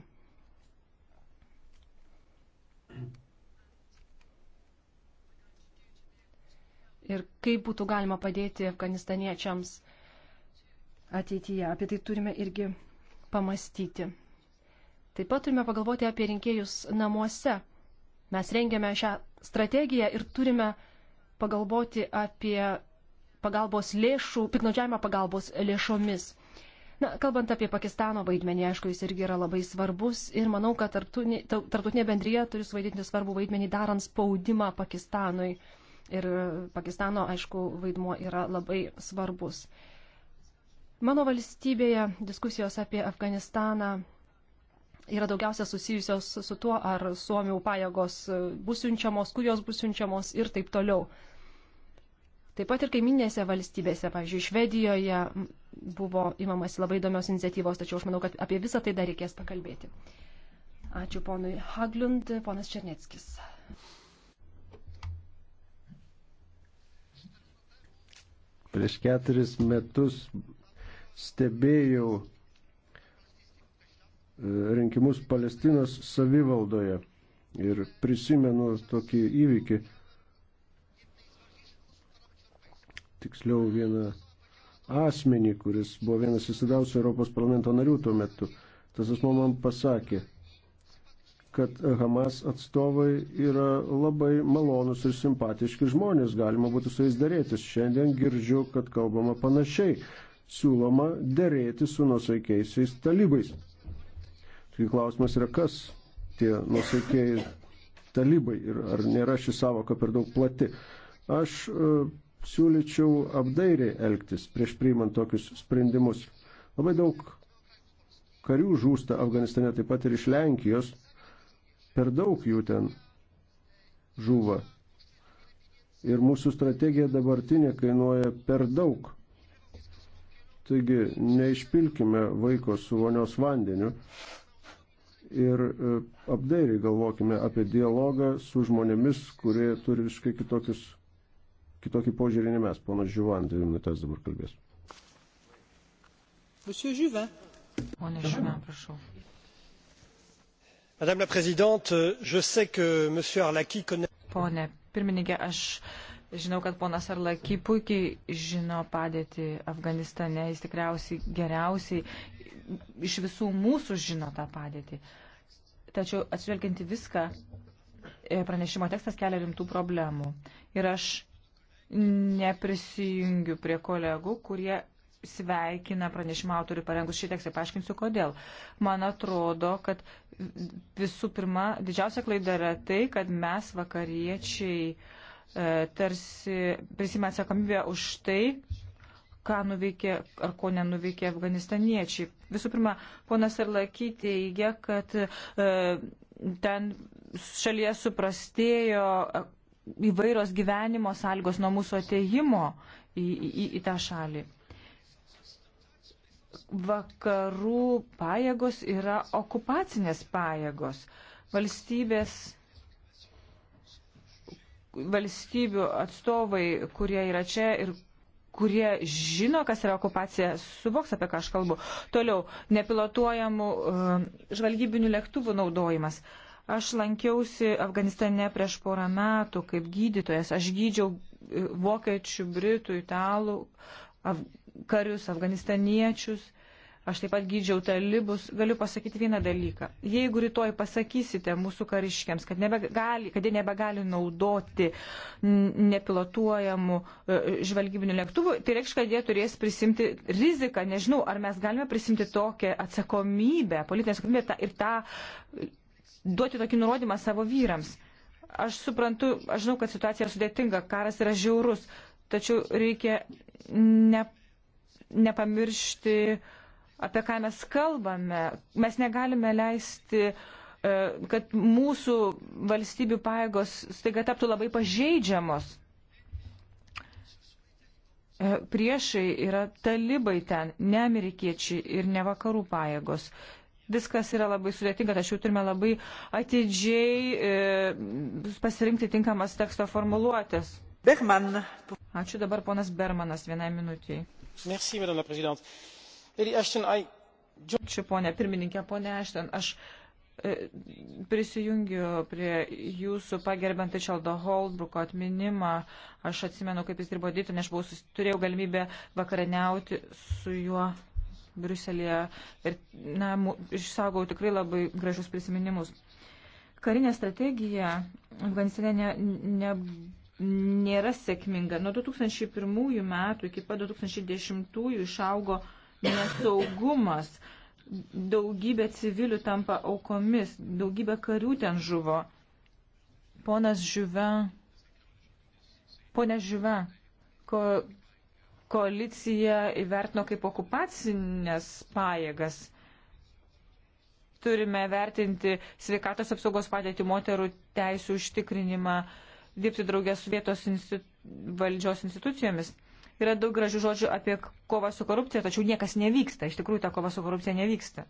[SPEAKER 1] ir kaip būtų galima padėti afganistaniečiams ateityje. Apie tai turime irgi pamastyti. Taip pat turime pagalvoti apie rinkėjus namuose. Mes rengiame šią strategiją ir turime pagalvoti apie pagalbos lėšų, piknaudžiavimą pagalbos lėšomis. Na, kalbant apie Pakistano vaidmenį, aišku, jis irgi yra labai svarbus ir manau, kad tartutinė bendryje turi suvaidinti svarbų vaidmenį darant spaudimą Pakistanui. Uh, Ir Pakistano, aišku, vaidmuo yra labai svarbus. Mano valstybėje diskusijos apie Afganistaną yra daugiausia susijusios su tuo, ar Suomių pajėgos bus siunčiamos, kur jos bus siunčiamos ir taip toliau. Taip pat ir kaiminėse valstybėse, pavyzdžiui, Švedijoje buvo imamasi labai įdomios iniciatyvos, tačiau aš manau, kad apie visą tai dar reikės pakalbėti. Ačiū ponui Haglund, ponas Černeckis.
[SPEAKER 3] Prieš keturis metus stebėjau e, rinkimus Palestinos savivaldoje ir prisimenu tokį įvykį. Tiksliau vieną asmenį, kuris buvo vienas įsidausių Europos parlamento narių tuo metu. Tas asmo man pasakė, kad Hamas atstovai yra labai malonus ir simpatiški žmonės, galima būtų su jais dėrėtis. Šiandien girdžiu, kad kalbama panašiai. Siūloma dėrėti su nusaikiaisiais talybais. Taigi klausimas yra, kas tie nusaikiai talibai ir ar nėra ši savoka per daug plati. Aš uh, siūlyčiau apdairiai elgtis prieš priimant tokius sprendimus. Labai daug karių žūsta Afganistane, taip pat ir iš Lenkijos, Per daug jų ten žūva. Ir mūsų strategija dabartinė kainuoja per daug. Taigi neišpilkime vaiko su vonios vandeniu ir e, apdairiai galvokime apie dialogą su žmonėmis, kurie turi visiškai kitokius, kitokį požiūrį nei mes. Ponas Žiuvan, dvi minutės dabar kalbės.
[SPEAKER 2] Monsieur Žiuvan. Pone Žiuvan, prašau
[SPEAKER 3] madame la présidente je sais que m. arlacchi connaît.
[SPEAKER 2] pone pirmininke aš žinau kad ponas arlacchi puikiai žino padėtį afganistane jis tikriausiai geriausiai iš visų mūsų žino tą padėtį tačiau atsižvelgiant į viską e, pranešimo tekstas kelia rimtų problemų ir aš neprisijungiu prie kolegų kurie sveikina pranešimo autorių parengus šį tekstą. Paaiškinsiu, kodėl. Man atrodo, kad visų pirma, didžiausia klaida yra tai, kad mes vakariečiai e, tarsi prisima atsakomybę už tai, ką nuveikė ar ko nenuveikė afganistaniečiai. Visų pirma, ponas Arlaky teigia, kad e, ten šalyje suprastėjo e, įvairios gyvenimo sąlygos nuo mūsų ateimo į, į, į tą šalį vakarų pajėgos yra okupacinės pajėgos. Valstybės, valstybių atstovai, kurie yra čia ir kurie žino, kas yra okupacija, suvoks, apie ką aš kalbu. Toliau, nepilotuojamų uh, žvalgybinių lėktuvų naudojimas. Aš lankiausi Afganistane prieš porą metų kaip gydytojas. Aš gydžiau e, vokiečių, britų, italų, af karius, afganistaniečius. Aš taip pat gydžiau talibus. Galiu pasakyti vieną dalyką. Jeigu rytoj pasakysite mūsų kariškiams, kad, nebegali, kad jie nebegali naudoti nepilotuojamų e, žvalgybinių lėktuvų, tai reikš, kad jie turės prisimti riziką. Nežinau, ar mes galime prisimti tokią atsakomybę, politinę atsakomybę ir tą duoti tokį nurodymą savo vyrams. Aš suprantu, aš žinau, kad situacija yra sudėtinga, karas yra žiaurus, tačiau reikia ne, nepamiršti uh, apie ką mes kalbame. Mes negalime leisti, e, kad mūsų valstybių paėgos staiga taptų labai pažeidžiamos. E, priešai yra talibai ten, ne amerikiečiai ir ne vakarų paėgos viskas yra labai sudėtinga, tačiau turime labai atidžiai e, pasirinkti tinkamas teksto formuluotės. Berman. Ačiū dabar ponas Bermanas vienai minutiai. Merci, Ačiū, ponė pirmininkė, ponė Ešten. Aš e, prisijungiu prie jūsų pagerbant Richardo Holbrooko atminimą. Aš atsimenu, kaip jis dirbo Dytonė, aš buvau, turėjau galimybę vakarieniauti su juo Briuselėje ir na, išsaugau tikrai labai gražius prisiminimus. Karinė strategija Afganistane ne, ne, nėra sėkminga. Nuo 2001 metų iki pat 2010 išaugo nesaugumas. Daugybė civilių tampa aukomis, daugybė karių ten žuvo. Ponas Žiuve, ponė Žiuve, ko, koalicija įvertino kaip okupacinės pajėgas. Turime vertinti sveikatos apsaugos padėti moterų teisų užtikrinimą, dirbti draugės su vietos institu valdžios institucijomis. Yra daug gražių žodžių apie kovą su korupcija, tačiau niekas nevyksta. Iš tikrųjų, ta kova su korupcija nevyksta.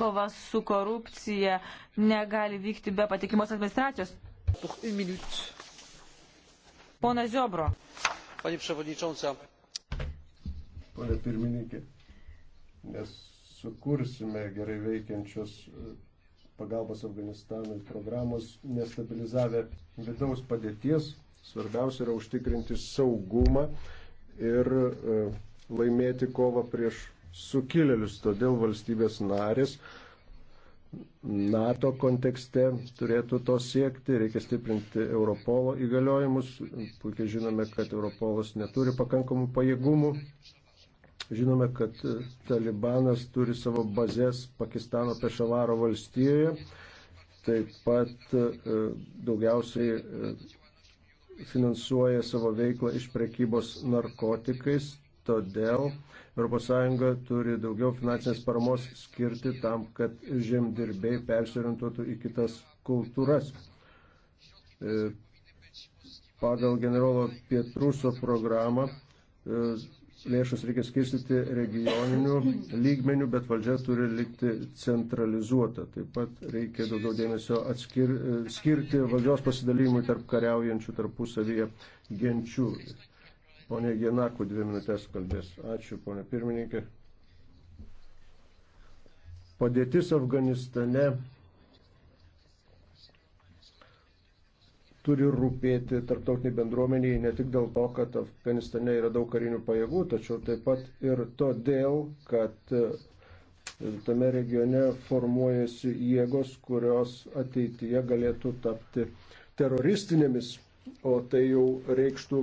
[SPEAKER 2] Kova su korupcija negali vykti be patikimos administracijos. Pone Ziobro.
[SPEAKER 3] Panie Przewodnicząca. Panie Pirmininkė, nes sukursime gerai veikiančios pagalbos Afganistanui programos nestabilizavę vidaus padėties. Svarbiausia yra užtikrinti saugumą ir e, laimėti kovą prieš sukilėlius. Todėl valstybės narės NATO kontekste turėtų to siekti, reikia stiprinti Europolo įgaliojimus. Puikiai žinome, kad Europolas neturi pakankamų pajėgumų Žinome, kad Talibanas turi savo bazės Pakistano Pešavaro valstijoje. Taip pat e, daugiausiai e, finansuoja savo veiklą iš prekybos narkotikais, todėl ES turi daugiau finansinės paramos skirti tam, kad žemdirbiai persiorientuotų į kitas kultūras. E, pagal generolo Pietruso programą lėšus reikia skirstyti regioninių lygmenių, bet valdžia turi likti centralizuota. Taip pat reikia daugiau dėmesio atskir, skirti valdžios pasidalymui tarp kariaujančių tarpusavyje genčių. Pone Gienakų dvi minutės kalbės. Ačiū, pone pirmininkė. Padėtis Afganistane turi rūpėti tarptautiniai bendruomeniai ne tik dėl to, kad Afganistane yra daug karinių pajėgų, tačiau taip pat ir todėl, kad e, tame regione formuojasi jėgos, kurios ateityje galėtų tapti teroristinėmis, o tai jau reikštų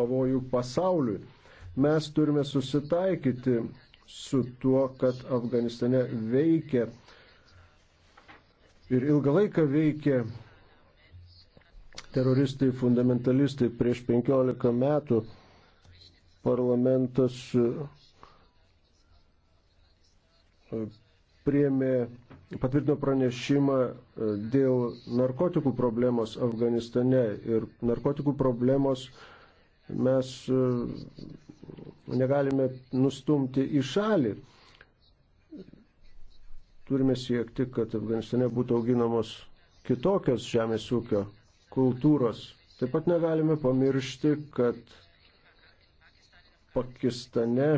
[SPEAKER 3] pavojų pasauliui. Mes turime susitaikyti su tuo, kad Afganistane veikia ir ilgą laiką veikia teroristai, fundamentalistai prieš 15 metų parlamentas e, priėmė, patvirtino pranešimą e, dėl narkotikų problemos Afganistane ir narkotikų problemos mes e, negalime nustumti į šalį. Turime siekti, kad Afganistane būtų auginamos kitokios žemės ūkio kultūros. Taip pat negalime pamiršti, kad Pakistane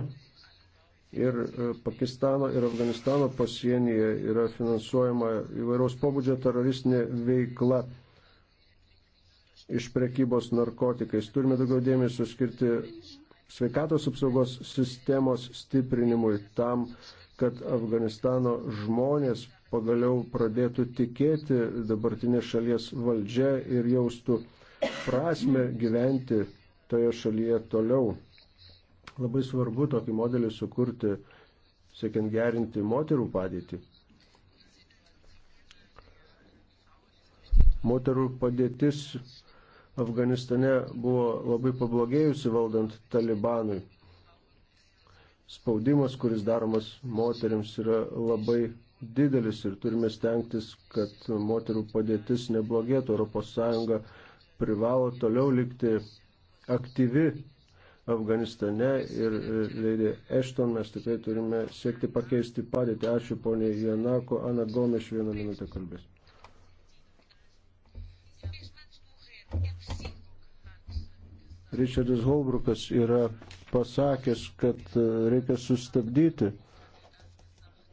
[SPEAKER 3] ir e, Pakistano ir Afganistano pasienyje yra finansuojama įvairaus pobūdžio teroristinė veikla iš prekybos narkotikais. Turime daugiau dėmesio skirti sveikatos apsaugos sistemos stiprinimui tam, kad Afganistano žmonės pagaliau pradėtų tikėti dabartinė šalies valdžia ir jaustų prasme gyventi toje šalyje toliau. Labai svarbu tokį modelį sukurti, siekiant gerinti moterų padėtį. Moterų padėtis Afganistane buvo labai pablogėjusi valdant Talibanui spaudimas, kuris daromas moteriams, yra labai didelis ir turime stengtis, kad moterų padėtis neblogėtų. ES privalo toliau likti aktyvi Afganistane ir Lady Ashton mes tikrai turime siekti pakeisti padėtį. Ačiū ponė Janako, Ana Gomeš vieną minutę kalbės. Richardas Holbrukas yra pasakęs, kad e, reikia sustabdyti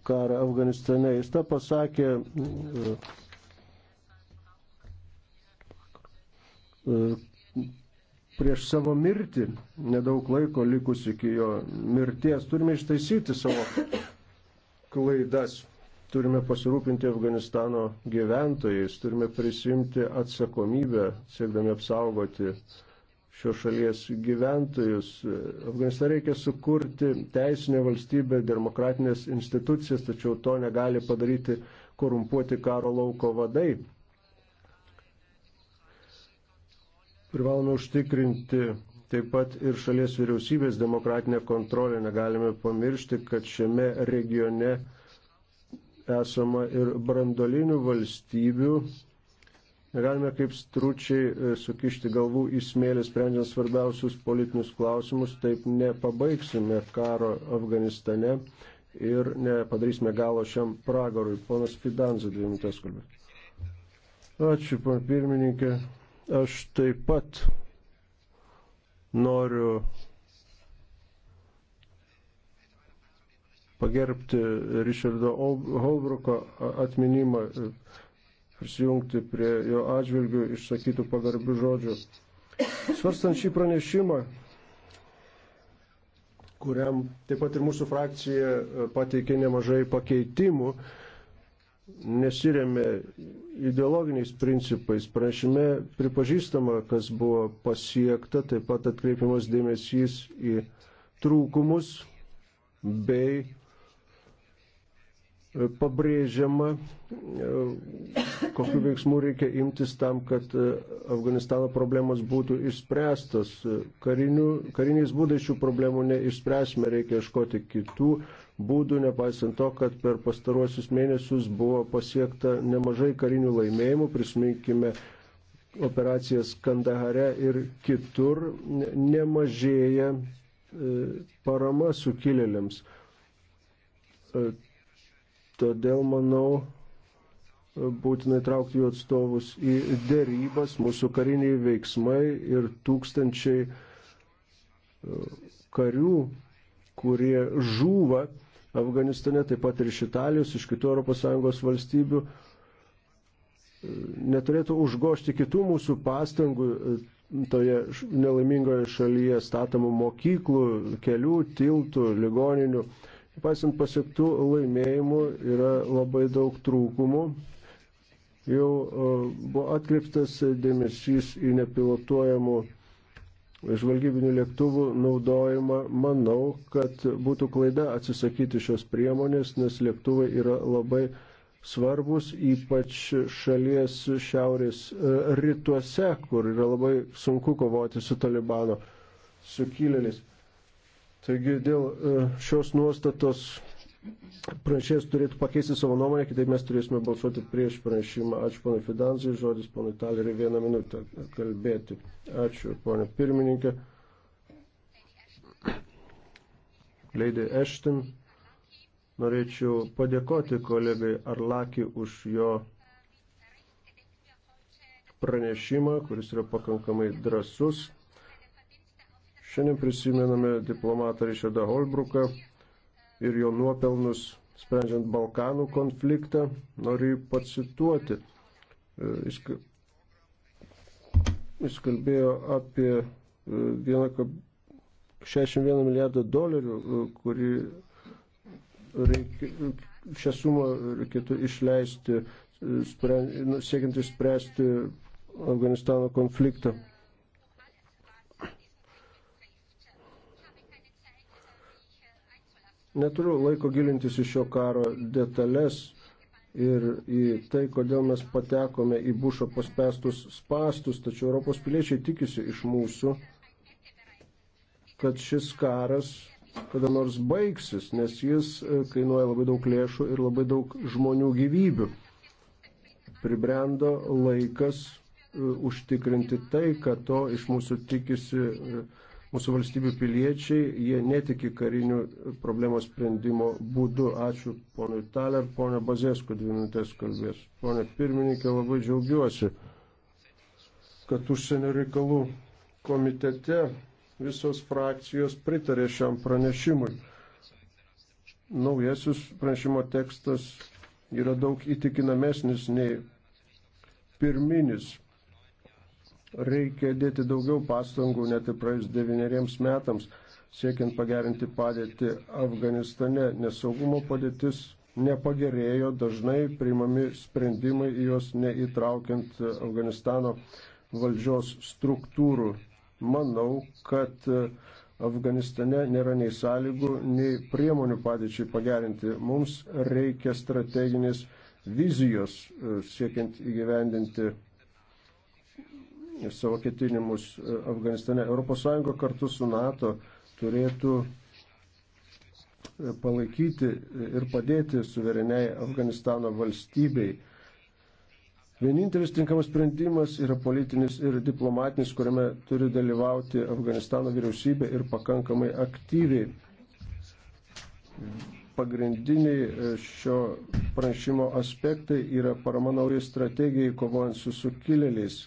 [SPEAKER 3] karą Afganistane. Jis tą pasakė e, e, prieš savo mirtį, nedaug laiko likus iki jo mirties. Turime ištaisyti savo klaidas. Turime pasirūpinti Afganistano gyventojais, turime prisimti atsakomybę, siekdami apsaugoti uh, šios šalies gyventojus. Afganistane reikia sukurti teisinę valstybę, demokratinės institucijas, tačiau to negali padaryti korumpuoti karo lauko vadai. Privalome užtikrinti taip pat ir šalies vyriausybės demokratinę kontrolę. Negalime pamiršti, kad šiame regione esama ir brandolinių valstybių, Negalime kaip stručiai e, sukišti galvų į smėlį, sprendžiant svarbiausius politinius klausimus, taip nepabaigsime karo Afganistane ir nepadarysime galo šiam pragarui. Ponas Fidanza, dvi minutės kalbė. Ačiū, pan pirmininkė. Aš taip pat noriu pagerbti Richardo Holbruko atminimą prisijungti prie jo atžvilgių išsakytų pagarbių žodžių. Svarstant šį pranešimą, kuriam taip pat ir mūsų frakcija e, pateikė nemažai pakeitimų, nesiremė ideologiniais principais. Pranešime pripažįstama, kas buvo pasiekta, taip pat atkreipiamas dėmesys į trūkumus bei pabrėžiama, e, kokiu veiksmu reikia imtis tam, kad e, Afganistano problemos būtų išspręstas. Karinių, kariniais būdais šių problemų neišspręsime, reikia ieškoti kitų būdų, nepaisant to, kad per pastaruosius mėnesius buvo pasiekta nemažai karinių laimėjimų, prisiminkime operacijas Kandahare ir kitur, nemažėja e, parama sukilėliams Todėl, manau, būtinai traukti jų atstovus į dėrybas, mūsų kariniai veiksmai ir tūkstančiai e, karių, kurie žūva Afganistane, taip pat ir iš Italijos, iš kitų ES valstybių, e, neturėtų užgošti kitų mūsų pastangų e, toje nelaimingoje šalyje statomų mokyklų, kelių, tiltų, ligoninių Paisant pasiektų laimėjimų yra labai daug trūkumų. Jau e, buvo atkreiptas dėmesys į nepilotuojamų žvalgybinių lėktuvų naudojimą. Manau, kad būtų klaida atsisakyti šios priemonės, nes lėktuvai yra labai svarbus, ypač šalies šiaurės e, rytuose, kur yra labai sunku kovoti su Talibano sukilėliais. Taigi dėl e, šios nuostatos pranešėjas turėtų pakeisti savo nuomonę, kitaip mes turėsime balsuoti prieš pranešimą. Ačiū ponui Fidanzai, žodis ponui Taleriui vieną minutę kalbėti. Ačiū ponė pirmininkė. Leidai Eštin, norėčiau padėkoti kolegai Arlaki už jo pranešimą, kuris yra pakankamai drasus. Šiandien prisimename diplomatą Richardą Holbruką ir jo nuopelnus sprendžiant Balkanų konfliktą. Noriu pacituoti. E, jis, jis kalbėjo apie 61 e, milijardą dolerių, e, kurį reikia, šią sumą reikėtų išleisti, nu, siekiant išspręsti Afganistano konfliktą. Neturiu laiko gilintis į šio karo detalės ir į tai, kodėl mes patekome į bušo paspestus spastus, tačiau Europos piliečiai tikisi iš mūsų, kad šis karas kada nors baigsis, nes jis e, kainuoja labai daug lėšų ir labai daug žmonių gyvybių. Pribrendo laikas e, užtikrinti tai, kad to iš mūsų tikisi e, mūsų valstybių piliečiai, jie netiki karinių problemos sprendimo būdu. Ačiū ponui Taler, ponė Bazėsku, dvi minutės kalbės. Pone pirmininkė, labai džiaugiuosi, kad užsienio reikalų komitete visos frakcijos pritarė šiam pranešimui. Naujasis pranešimo tekstas yra daug įtikinamesnis nei pirminis reikia dėti daugiau pastangų net ir praėjus devyneriems metams, siekiant pagerinti padėtį Afganistane, nes saugumo padėtis nepagerėjo, dažnai priimami sprendimai į juos neįtraukiant Afganistano valdžios struktūrų. Manau, kad Afganistane nėra nei sąlygų, nei priemonių padėčiai pagerinti. Mums reikia strateginės vizijos siekiant įgyvendinti savo ketinimus e, Afganistane. ES kartu su NATO turėtų e, palaikyti ir padėti suvereniai Afganistano valstybei. Vienintelis tinkamas sprendimas yra politinis ir diplomatinis, kuriame turi dalyvauti Afganistano vyriausybė ir pakankamai aktyviai. Pagrindiniai e, šio pranešimo aspektai yra parama naujai strategijai kovojant su sukilėliais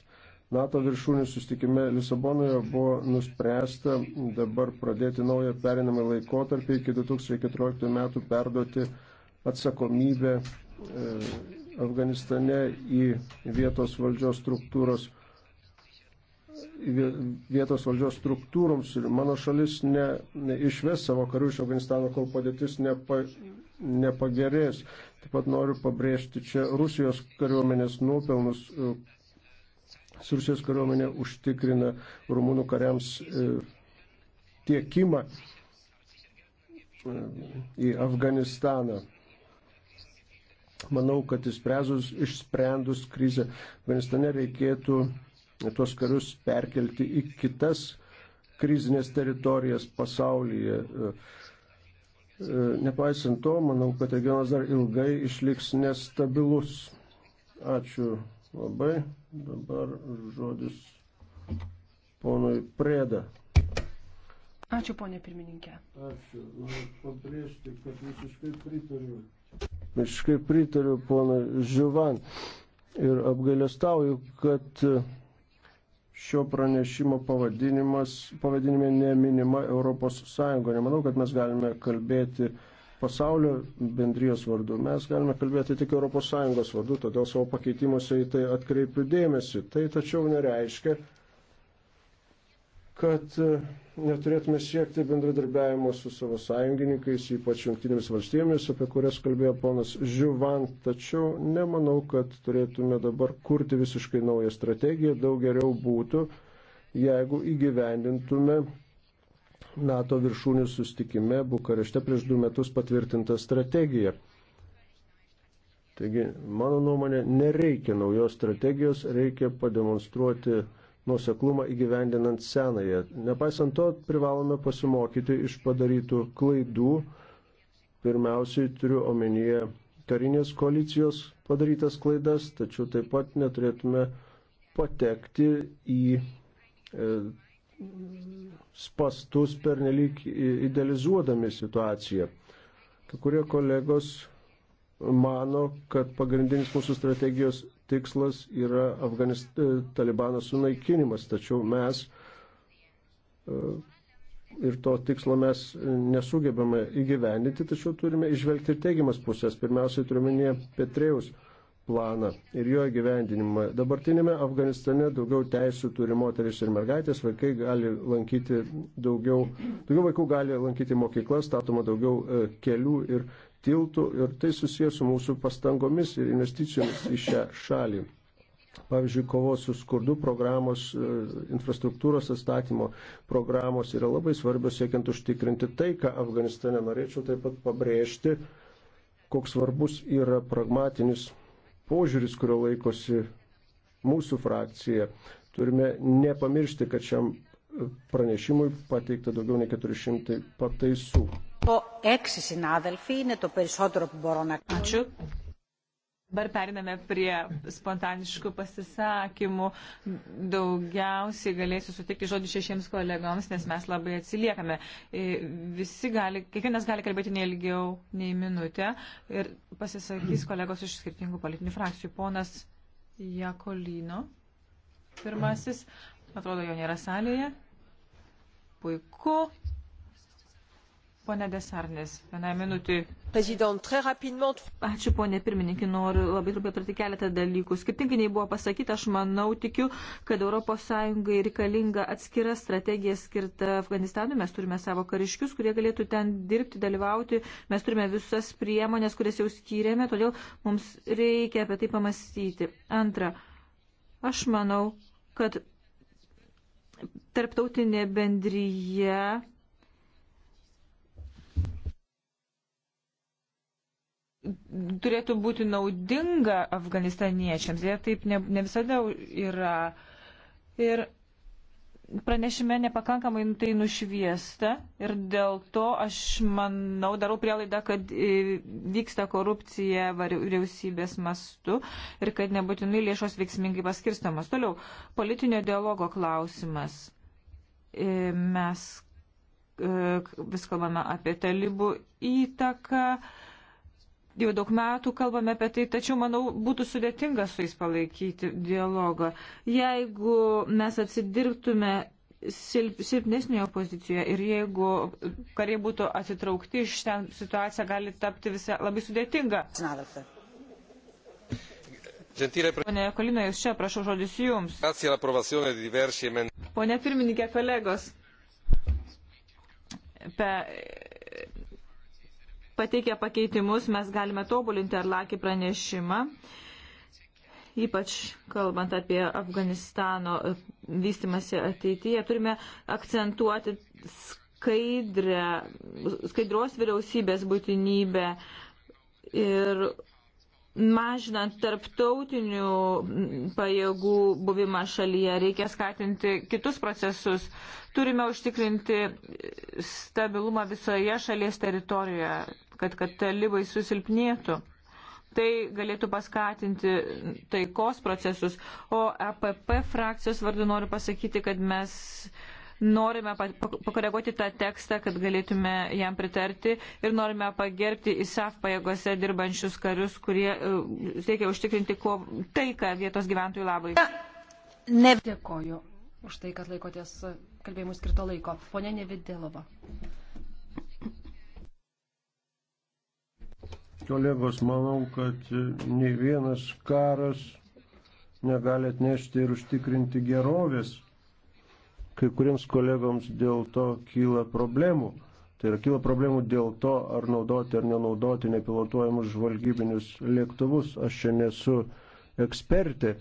[SPEAKER 3] NATO viršūnių sustikime Lisabonoje buvo nuspręsta dabar pradėti naują perinamą laikotarpį iki 2014 metų perduoti atsakomybę e, Afganistane į vietos valdžios struktūros vietos valdžios struktūroms ir mano šalis ne, ne išves savo karių iš Afganistano, kol padėtis nepa, nepagerės. Taip pat noriu pabrėžti čia Rusijos kariuomenės nuopelnus, e, su Rusijos kariuomenė užtikrina rumūnų kariams e, tiekimą e, į Afganistaną. Manau, kad įsprendus, išsprendus krizę Afganistane reikėtų tuos karius perkelti į kitas krizinės teritorijas pasaulyje. E, nepaisant to, manau, kad regionas dar ilgai išliks nestabilus. Ačiū Labai dabar žodis ponui Prėda. Ačiū, ponė pirmininkė. Ačiū. Noriu pabrėžti, kad visiškai pritariu. Visiškai pritariu, ponai Žiuvan. Ir apgailestauju, kad šio pranešimo pavadinimas, pavadinime neminima Europos Sąjunga. Nemanau, kad mes galime kalbėti pasaulio bendrijos vardu, mes galime kalbėti tik ES vardu, todėl savo pakeitimuose į tai atkreipiu dėmesį. Tai tačiau nereiškia, kad e, neturėtume siekti bendradarbiavimo su savo sąjungininkais, ypač jungtinėmis valstybėmis, apie kurias kalbėjo ponas Žiuvan, tačiau nemanau, kad turėtume dabar kurti visiškai naują strategiją, daug geriau būtų, jeigu įgyvendintume NATO viršūnių sustikime Bukarešte prieš du metus patvirtinta strategija. Taigi, mano nuomonė, nereikia naujos strategijos, reikia pademonstruoti nuoseklumą įgyvendinant senąją. Nepaisant to, privalome pasimokyti iš padarytų klaidų. Pirmiausiai turiu omenyje karinės koalicijos padarytas klaidas, tačiau taip pat neturėtume patekti į e, spastus pernelyg idealizuodami situaciją. Kai kurie kolegos mano, kad pagrindinis mūsų strategijos tikslas yra Afganist e, Talibano sunaikinimas, tačiau mes e, ir to tikslo mes nesugebame įgyvendinti, tačiau turime išvelgti ir teigiamas pusės. Pirmiausiai turime ne Petrėjus planą ir jo gyvendinimą. Dabartinėme Afganistane daugiau teisų turi moteris ir mergaitės, vaikai gali lankyti daugiau, daugiau vaikų gali lankyti mokyklas, statoma daugiau e, kelių ir tiltų ir tai susijęs su mūsų pastangomis ir investicijomis į šią šalį. Pavyzdžiui, kovos su skurdu programos, e, infrastruktūros atstatymo programos yra labai svarbios siekiant užtikrinti tai, ką Afganistane norėčiau taip pat pabrėžti, koks svarbus yra pragmatinis požiūris, kurio laikosi mūsų frakcija. Turime nepamiršti, kad šiam pranešimui pateikta daugiau nei 400 pataisų.
[SPEAKER 2] Ačiū. Dabar periname prie spontaniškų pasisakymų. Daugiausiai galėsiu sutikti žodį šešiems kolegoms, nes mes labai atsiliekame. E, visi gali, kiekvienas gali kalbėti neilgiau nei minutę ir pasisakys kolegos iš skirtingų politinių frakcijų. Ponas Jakolino pirmasis, atrodo, jo nėra salėje. Puiku. Pone Desarnės, vieną minutį. Ačiū, ponė pirmininkė, noriu labai trumpai aptarti keletą dalykų. Skirtingai nei buvo pasakyta, aš manau, tikiu, kad ES reikalinga atskira strategija skirta Afganistanui. Mes turime savo kariškius, kurie galėtų ten dirbti, dalyvauti. Mes turime visas priemonės, kurias jau skyrėme, todėl mums reikia apie tai pamastyti. Antra, aš manau, kad tarptautinė bendryje turėtų būti naudinga afganistaniečiams. Jie taip ne, ne visada yra. Ir pranešime nepakankamai tai nušviesta ir dėl to aš manau, darau prielaidą, kad vyksta korupcija vyriausybės mastu ir kad nebūtinai lėšos veiksmingai paskirstamos. Toliau, politinio dialogo klausimas. E, mes e, vis kalbame apie talibų įtaką jau daug metų kalbame apie tai, tačiau manau būtų sudėtinga su jais palaikyti dialogą. Jeigu mes atsidirbtume silp, silpnesnioje pozicijoje ir jeigu kariai būtų atsitraukti iš ten, situacija gali tapti visą labai sudėtinga. Pone Kolino, jūs čia, prašau žodis jums. Pone pirmininkė, kolegos. Pe pateikę pakeitimus mes galime tobulinti Arlaki pranešimą, ypač kalbant apie Afganistano e, vystimasi ateityje. Turime akcentuoti skaidrę, skaidros vyriausybės būtinybę ir mažinant tarptautinių pajėgų buvimą šalyje, reikia skatinti kitus procesus. Turime užtikrinti stabilumą visoje šalies teritorijoje kad, kad talibai susilpnėtų. Tai galėtų paskatinti taikos procesus. O APP e frakcijos vardu noriu pasakyti, kad mes norime pakoreguoti tą tekstą, kad galėtume jam pritarti ir norime pagerbti į SAF pajėgose dirbančius karius, kurie e, siekia užtikrinti taiką vietos gyventojų labai. Ne.
[SPEAKER 1] Dėkoju už tai, kad laikotės kalbėjimų skirto laiko. Pone Nevidėlova.
[SPEAKER 3] kolegos, manau, kad nei vienas karas negali atnešti ir užtikrinti gerovės. Kai kuriems kolegoms dėl to kyla problemų. Tai yra kyla problemų dėl to, ar naudoti ar nenaudoti nepilotuojamus žvalgybinius lėktuvus. Aš čia nesu ekspertė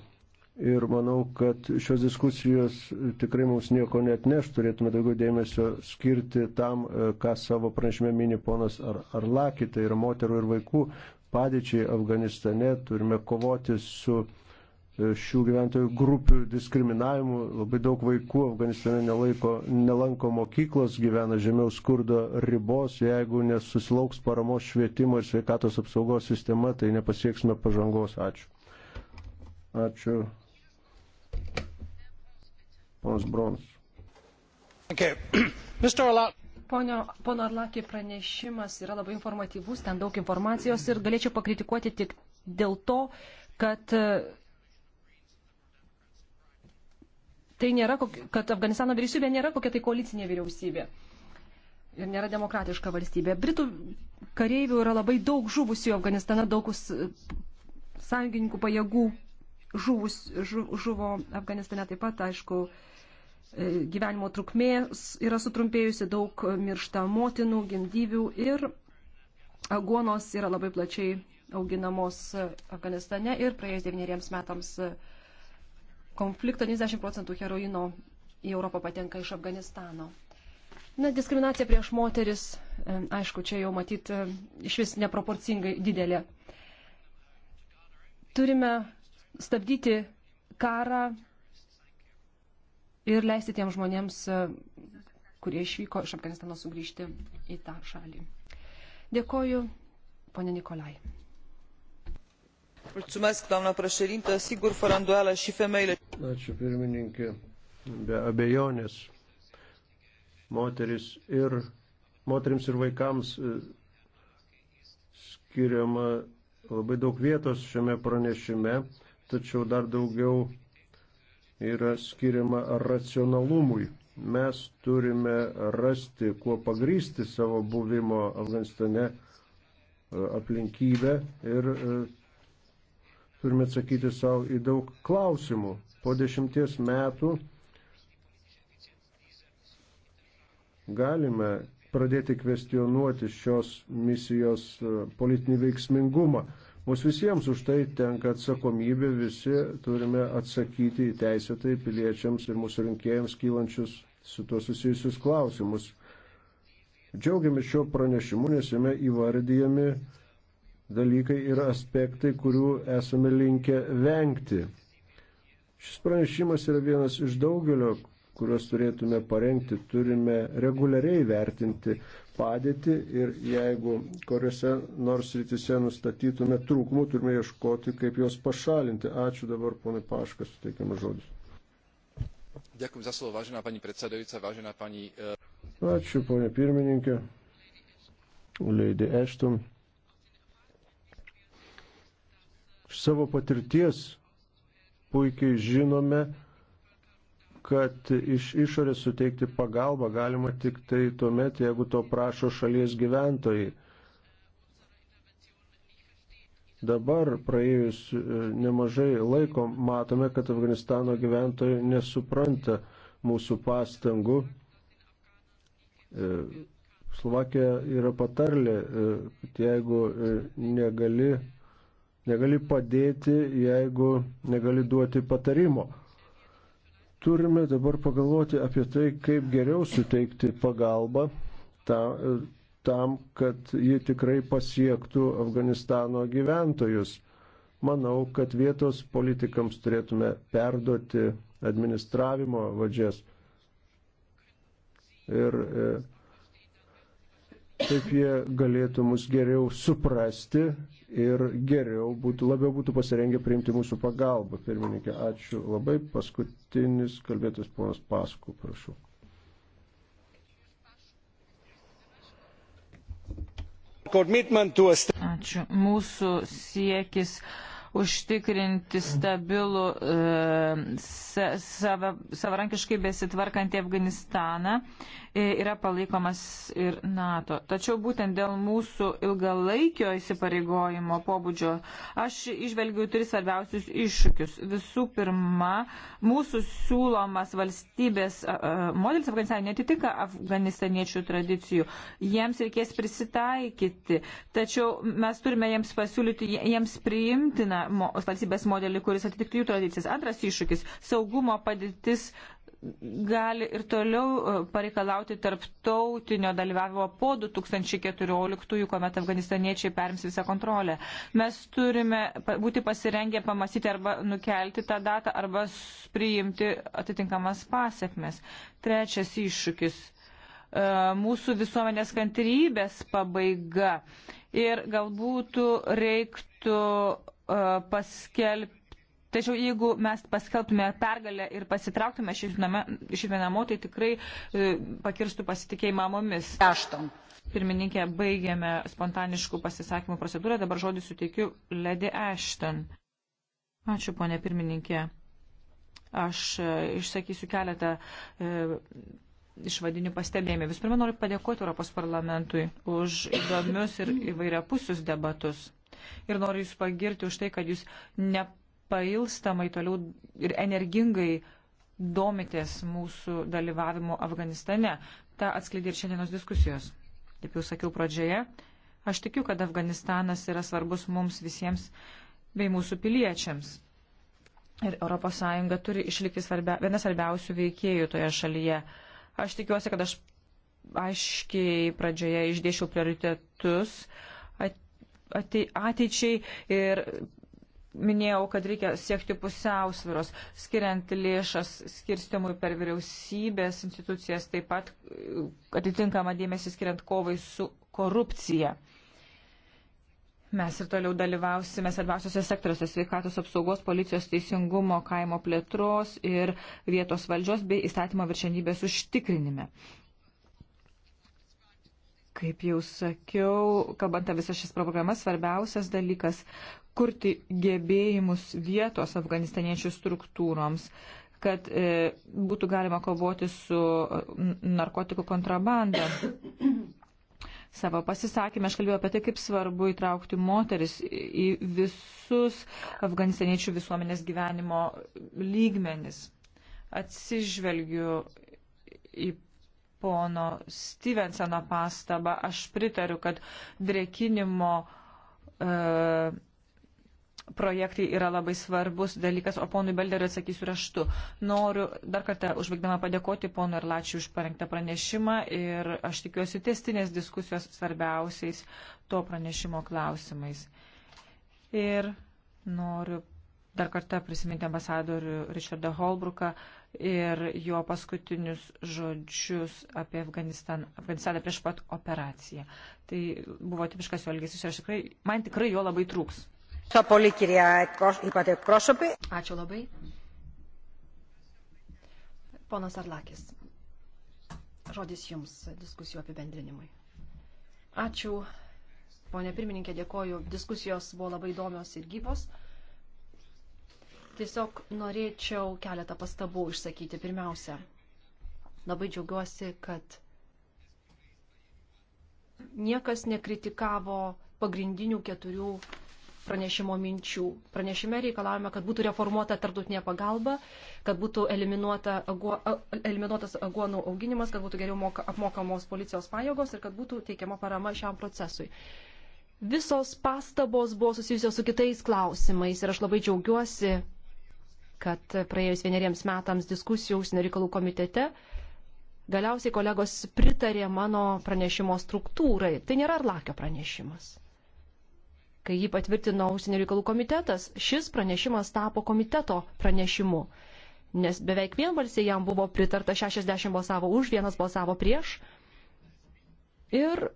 [SPEAKER 3] Ir manau, kad šios diskusijos tikrai mums nieko net neš, turėtume daugiau dėmesio skirti tam, e, ką savo pranešime mini ponas ar, Arlaki, tai yra moterų ir vaikų padėčiai Afganistane, turime kovoti su e, šių gyventojų grupių diskriminavimu. Labai daug vaikų Afganistane nelaiko, nelanko mokyklos, gyvena žemiau skurdo ribos. Jeigu nesusilauks paramos švietimo ir sveikatos apsaugos sistema, tai nepasieksime pažangos. Ačiū. Ačiū. Ponas Brons.
[SPEAKER 1] Pono, pono Arlakė pranešimas yra labai informatyvus, ten daug informacijos ir galėčiau pakritikuoti tik dėl to, kad e, tai nėra, kad Afganistano vyriausybė nėra kokia tai koalicinė vyriausybė ir nėra demokratiška valstybė. Britų kareivių yra labai daug žuvusių Afganistane, daugus e, sąjungininkų pajėgų žuvus, žu, žuvo Afganistane taip pat, aišku, E, gyvenimo trukmė yra sutrumpėjusi, daug miršta motinų, gimdyvių ir aguonos yra labai plačiai auginamos Afganistane ir praėjus devyneriems metams konflikto 90 procentų heroino į Europą patenka iš Afganistano. Na, diskriminacija prieš moteris, e, aišku, čia jau matyt e, iš vis neproporcingai didelė. Turime stabdyti karą ir leisti tiem žmonėms, e, kurie išvyko iš Afganistano, sugrįžti į tą šalį. Dėkoju, ponė Nikolai.
[SPEAKER 2] Mulțumesc, doamna președintă. Sigur, fără îndoială și femeile.
[SPEAKER 3] Ačiū, pirmininkė. Be abejonės, moteris ir, moterims ir vaikams e, skiriama labai daug vietos šiame pranešime, tačiau dar daugiau yra skiriama racionalumui. Mes turime rasti, kuo pagrysti savo buvimo Afganistane e, aplinkybę ir e, turime atsakyti savo į daug klausimų. Po dešimties metų galime pradėti kvestionuoti šios misijos e, politinį veiksmingumą. Mums visiems už tai tenka atsakomybė, visi turime atsakyti į teisėtai piliečiams ir mūsų rinkėjams kylančius su tuo susijusius klausimus. Džiaugiamės šio pranešimu, nes jame įvardyjami dalykai ir aspektai, kurių esame linkę vengti. Šis pranešimas yra vienas iš daugelio, kuriuos turėtume parengti, turime reguliariai vertinti padėtį ir jeigu kuriuose nors rytise nustatytume trūkumų, turime ieškoti, kaip juos pašalinti. Ačiū dabar, ponai Paškas, suteikiamas žodis.
[SPEAKER 1] Dėkui za slovo, vážená pani predsedajúca, vážená pani... E,
[SPEAKER 3] Ačiū, ponė pirmininkė. Lady Ashton. Iš savo patirties puikiai žinome, kad iš išorės suteikti pagalbą galima tik tai tuomet, jeigu to prašo šalies gyventojai. Dabar praėjus e, nemažai laiko matome, kad Afganistano gyventojai nesupranta mūsų pastangų. E, Slovakija yra patarlė, e, kad jeigu negali, negali padėti, jeigu negali duoti patarimo. Turime dabar pagalvoti apie tai, kaip geriau suteikti pagalbą tam, e, tam kad ji tikrai pasiektų Afganistano gyventojus. Manau, kad vietos politikams turėtume perduoti administravimo vadžias. Ir e, taip jie galėtų mus geriau suprasti ir geriau būtų, labiau būtų pasirengę priimti mūsų pagalbą. Pirmininkė, ačiū labai. Paskutinis kalbėtas ponas Pasku, prašau. Ačiū. Mūsų siekis
[SPEAKER 2] užtikrinti stabilų e, sava, savarankiškai besitvarkantį Afganistaną e, yra palaikomas ir NATO. Tačiau būtent dėl mūsų ilgalaikio įsipareigojimo pobūdžio aš išvelgiu tris svarbiausius iššūkius. Visų pirma, mūsų siūlomas valstybės e, modelis Afganistane netitika afganistaniečių tradicijų. Jiems reikės prisitaikyti, tačiau mes turime jiems pasiūlyti jiems priimtiną vieną mo, valstybės modelį, kuris atitiktų jų tradicijas. Antras iššūkis - saugumo padėtis gali ir toliau e, pareikalauti tarptautinio dalyvavimo po 2014, kuomet afganistaniečiai perims visą kontrolę. Mes turime būti pasirengę pamastyti arba nukelti tą datą, arba priimti atitinkamas pasiekmes. Trečias iššūkis e, mūsų visuomenės kantrybės pabaiga. Ir galbūt reiktų paskelbti. Tačiau jeigu mes paskelbtume pergalę ir pasitrauktume iš vienamo, tai tikrai e, pakirstų pasitikėjimą mumis. Aštom. Pirmininkė, baigėme spontaniškų pasisakymų procedūrą, dabar žodį suteikiu Lady Ashton. Ačiū, ponė pirmininkė. Aš e, išsakysiu keletą e, išvadinių pastebėjimų. Visų pirma, noriu padėkoti Europos parlamentui už įdomius ir įvairiapusius debatus ir noriu Jūs pagirti už tai, kad Jūs nepailstamai toliau ir energingai domitės mūsų dalyvavimu Afganistane. Ta atskleidė ir šiandienos diskusijos. Kaip jau sakiau pradžioje, aš tikiu, kad Afganistanas yra svarbus mums visiems bei mūsų piliečiams. Ir ES turi išlikti svarbia, viena svarbiausių veikėjų toje šalyje. Aš tikiuosi, kad aš aiškiai pradžioje išdėšiau prioritetus, uh, ateičiai ir minėjau, kad reikia siekti pusiausviros, skiriant lėšas skirstimui per vyriausybės institucijas, taip pat e, atitinkamą dėmesį skiriant kovai su korupcija. Mes ir toliau dalyvausime svarbiausiose sektoriuose - sveikatos apsaugos, policijos teisingumo, kaimo plėtros ir vietos valdžios bei įstatymo viršenybės užtikrinime. Kaip jau sakiau, kalbant apie visas šis programas, svarbiausias dalykas - kurti gebėjimus vietos afganistaniečių struktūroms, kad e, būtų galima kovoti su e, narkotikų kontrabanda. Savo pasisakymę aš kalbėjau apie tai, kaip svarbu įtraukti moteris į visus afganistaniečių visuomenės gyvenimo lygmenis. Atsižvelgiu į pono Stevensono pastabą. Aš pritariu, kad drekinimo e, projektai yra labai svarbus dalykas, o ponui Belderiu atsakysiu raštu. Noriu dar kartą užbaigdama padėkoti ponui Arlačiui už parengtą pranešimą ir aš tikiuosi testinės diskusijos svarbiausiais to pranešimo klausimais. Ir noriu dar kartą prisiminti ambasadorių Richardą Holbruką ir jo paskutinius žodžius apie Afganistaną, Afganistaną prieš pat operaciją. Tai buvo tipiškas jo elgesys ir aš tikrai, man tikrai jo labai trūks. Ačiū labai.
[SPEAKER 1] Ponas Arlakis, žodis jums diskusijų apibendrinimui. Ačiū, ponė pirmininkė, dėkoju. Diskusijos buvo labai įdomios ir gyvos. Tiesiog norėčiau keletą pastabų išsakyti. Pirmiausia, labai džiaugiuosi, kad niekas nekritikavo pagrindinių keturių pranešimo minčių. Pranešime reikalavome, kad būtų reformuota tartutinė pagalba, kad būtų eliminuota aguo, eliminuotas aguonų auginimas, kad būtų geriau moka, apmokamos policijos pajėgos ir kad būtų teikiama parama šiam procesui. Visos pastabos buvo susijusios su kitais klausimais ir aš labai džiaugiuosi, kad praėjus vieneriems metams diskusijų užsienio reikalų komitete galiausiai kolegos pritarė mano pranešimo struktūrai. Tai nėra Arlakio pranešimas. Kai jį patvirtino užsienio reikalų komitetas, šis pranešimas tapo komiteto pranešimu, nes beveik vienbalsiai jam buvo pritarta 60 balsavo už, vienas balsavo prieš. Ir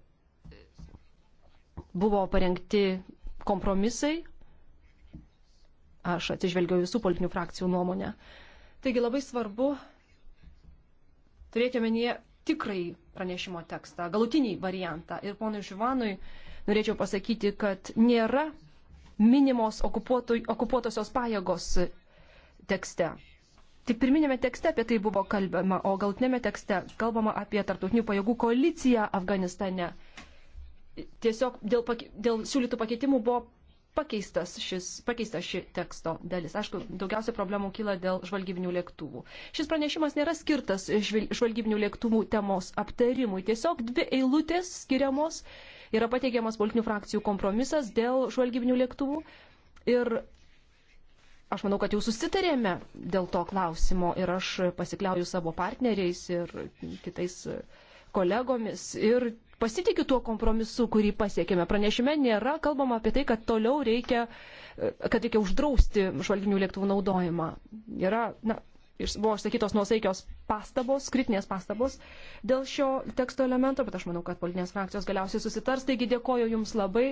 [SPEAKER 1] buvo parengti kompromisai, Aš atsižvelgiau visų politinių frakcijų nuomonę. Taigi labai svarbu turėti omenyje tikrai pranešimo tekstą, galutinį variantą. Ir ponui Žuvanui norėčiau pasakyti, kad nėra minimos okupuotosios pajėgos tekste. Tik pirminėme tekste apie tai buvo kalbama, o galtinėme tekste kalbama apie tarptautinių pajėgų koaliciją Afganistane. Tiesiog dėl, dėl siūlytų pakeitimų buvo pakeistas, šis, pakeista ši teksto dalis. Aišku, daugiausia problemų kyla dėl žvalgybinių lėktuvų. Šis pranešimas nėra skirtas žvalgybinių lėktuvų temos aptarimui. Tiesiog dvi eilutės skiriamos yra pateikiamas politinių frakcijų kompromisas dėl žvalgybinių lėktuvų. Ir aš manau, kad jau susitarėme dėl to klausimo ir aš pasikliauju savo partneriais ir kitais kolegomis ir pasitikiu tuo kompromisu, kurį pasiekėme. Pranešime nėra kalbama apie tai, kad toliau reikia, kad reikia uždrausti žvalginių lėktuvų naudojimą. Yra, na, buvo išsakytos nuosaikios pastabos, kritinės pastabos dėl šio teksto elemento, bet aš manau, kad politinės frakcijos galiausiai susitars. Taigi dėkoju Jums labai,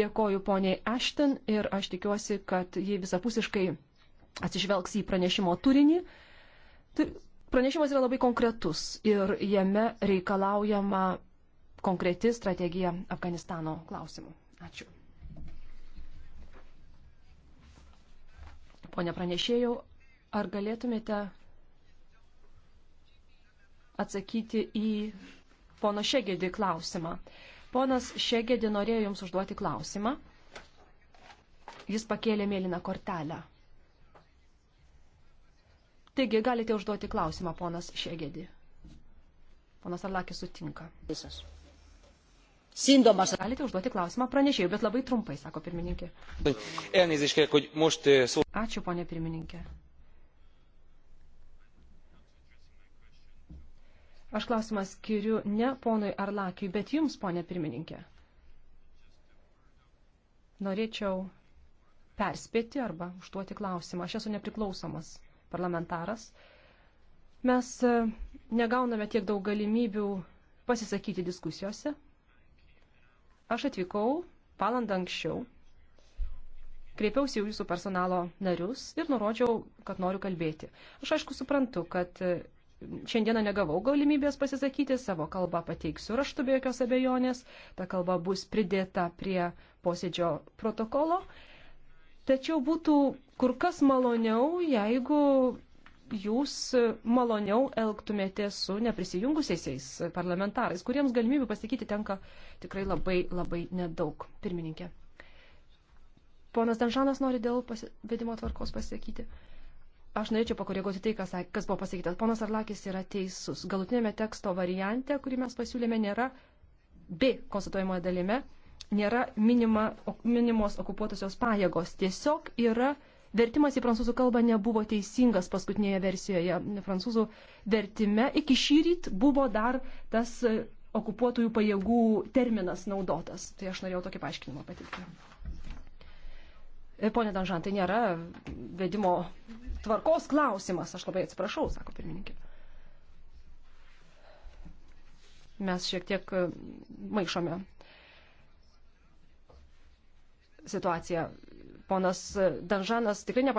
[SPEAKER 1] dėkoju poniai Ashton ir aš tikiuosi, kad jie visapusiškai atsižvelgs į pranešimo turinį. Pranešimas yra labai konkretus ir jame reikalaujama konkreti strategija Afganistano klausimu. Ačiū. Pone pranešėjau, ar galėtumėte atsakyti į pono Šegedį klausimą? Ponas Šegedį norėjo Jums užduoti klausimą. Jis pakėlė mėlyną kortelę. Taigi, galite užduoti klausimą, ponas Šegedį. Ponas Arlakis sutinka. Visas. Szindomas. Galite užduoti klausimą pranešėjų, bet labai trumpai, sako pirmininkė. Eh, Ačiū, ponė pirmininkė. Aš klausimą skiriu ne ponui Arlakiui, bet jums, ponė pirmininkė. Norėčiau perspėti arba užduoti klausimą. Aš esu nepriklausomas parlamentaras. Mes eh, negauname tiek daug galimybių pasisakyti diskusijose, Aš atvykau valandą anksčiau, kreipiausi į jūsų personalo narius ir nurodžiau, kad noriu kalbėti. Aš aišku suprantu, kad e, šiandieną negavau galimybės pasisakyti, savo kalbą pateiksiu raštu be jokios abejonės, ta kalba bus pridėta prie posėdžio protokolo. Tačiau būtų kur kas maloniau, jeigu jūs maloniau elgtumėte su neprisijungusiais parlamentarais, kuriems galimybių pasakyti tenka tikrai labai labai nedaug. Pirmininkė. Ponas Danžanas nori dėl vedimo tvarkos pasakyti. Aš norėčiau pakoreguoti tai, kas, kas buvo pasakytas. Ponas Arlakis yra teisus. Galutinėme teksto variante, kurį mes pasiūlėme, nėra B konstatuojamoje dalime, nėra minima, minimos okupuotosios pajėgos. Tiesiog yra vertimas į prancūzų kalbą nebuvo teisingas paskutinėje versijoje. Prancūzų vertime iki šyryt buvo dar tas e, okupuotųjų pajėgų terminas naudotas. Tai aš norėjau tokį paaiškinimą pateikti. E, pone Danžan, tai nėra vedimo tvarkos klausimas, aš labai atsiprašau, sako pirmininkė. Mes šiek tiek e, maišome situaciją ponas Danžanas tikrai nepasiteisino.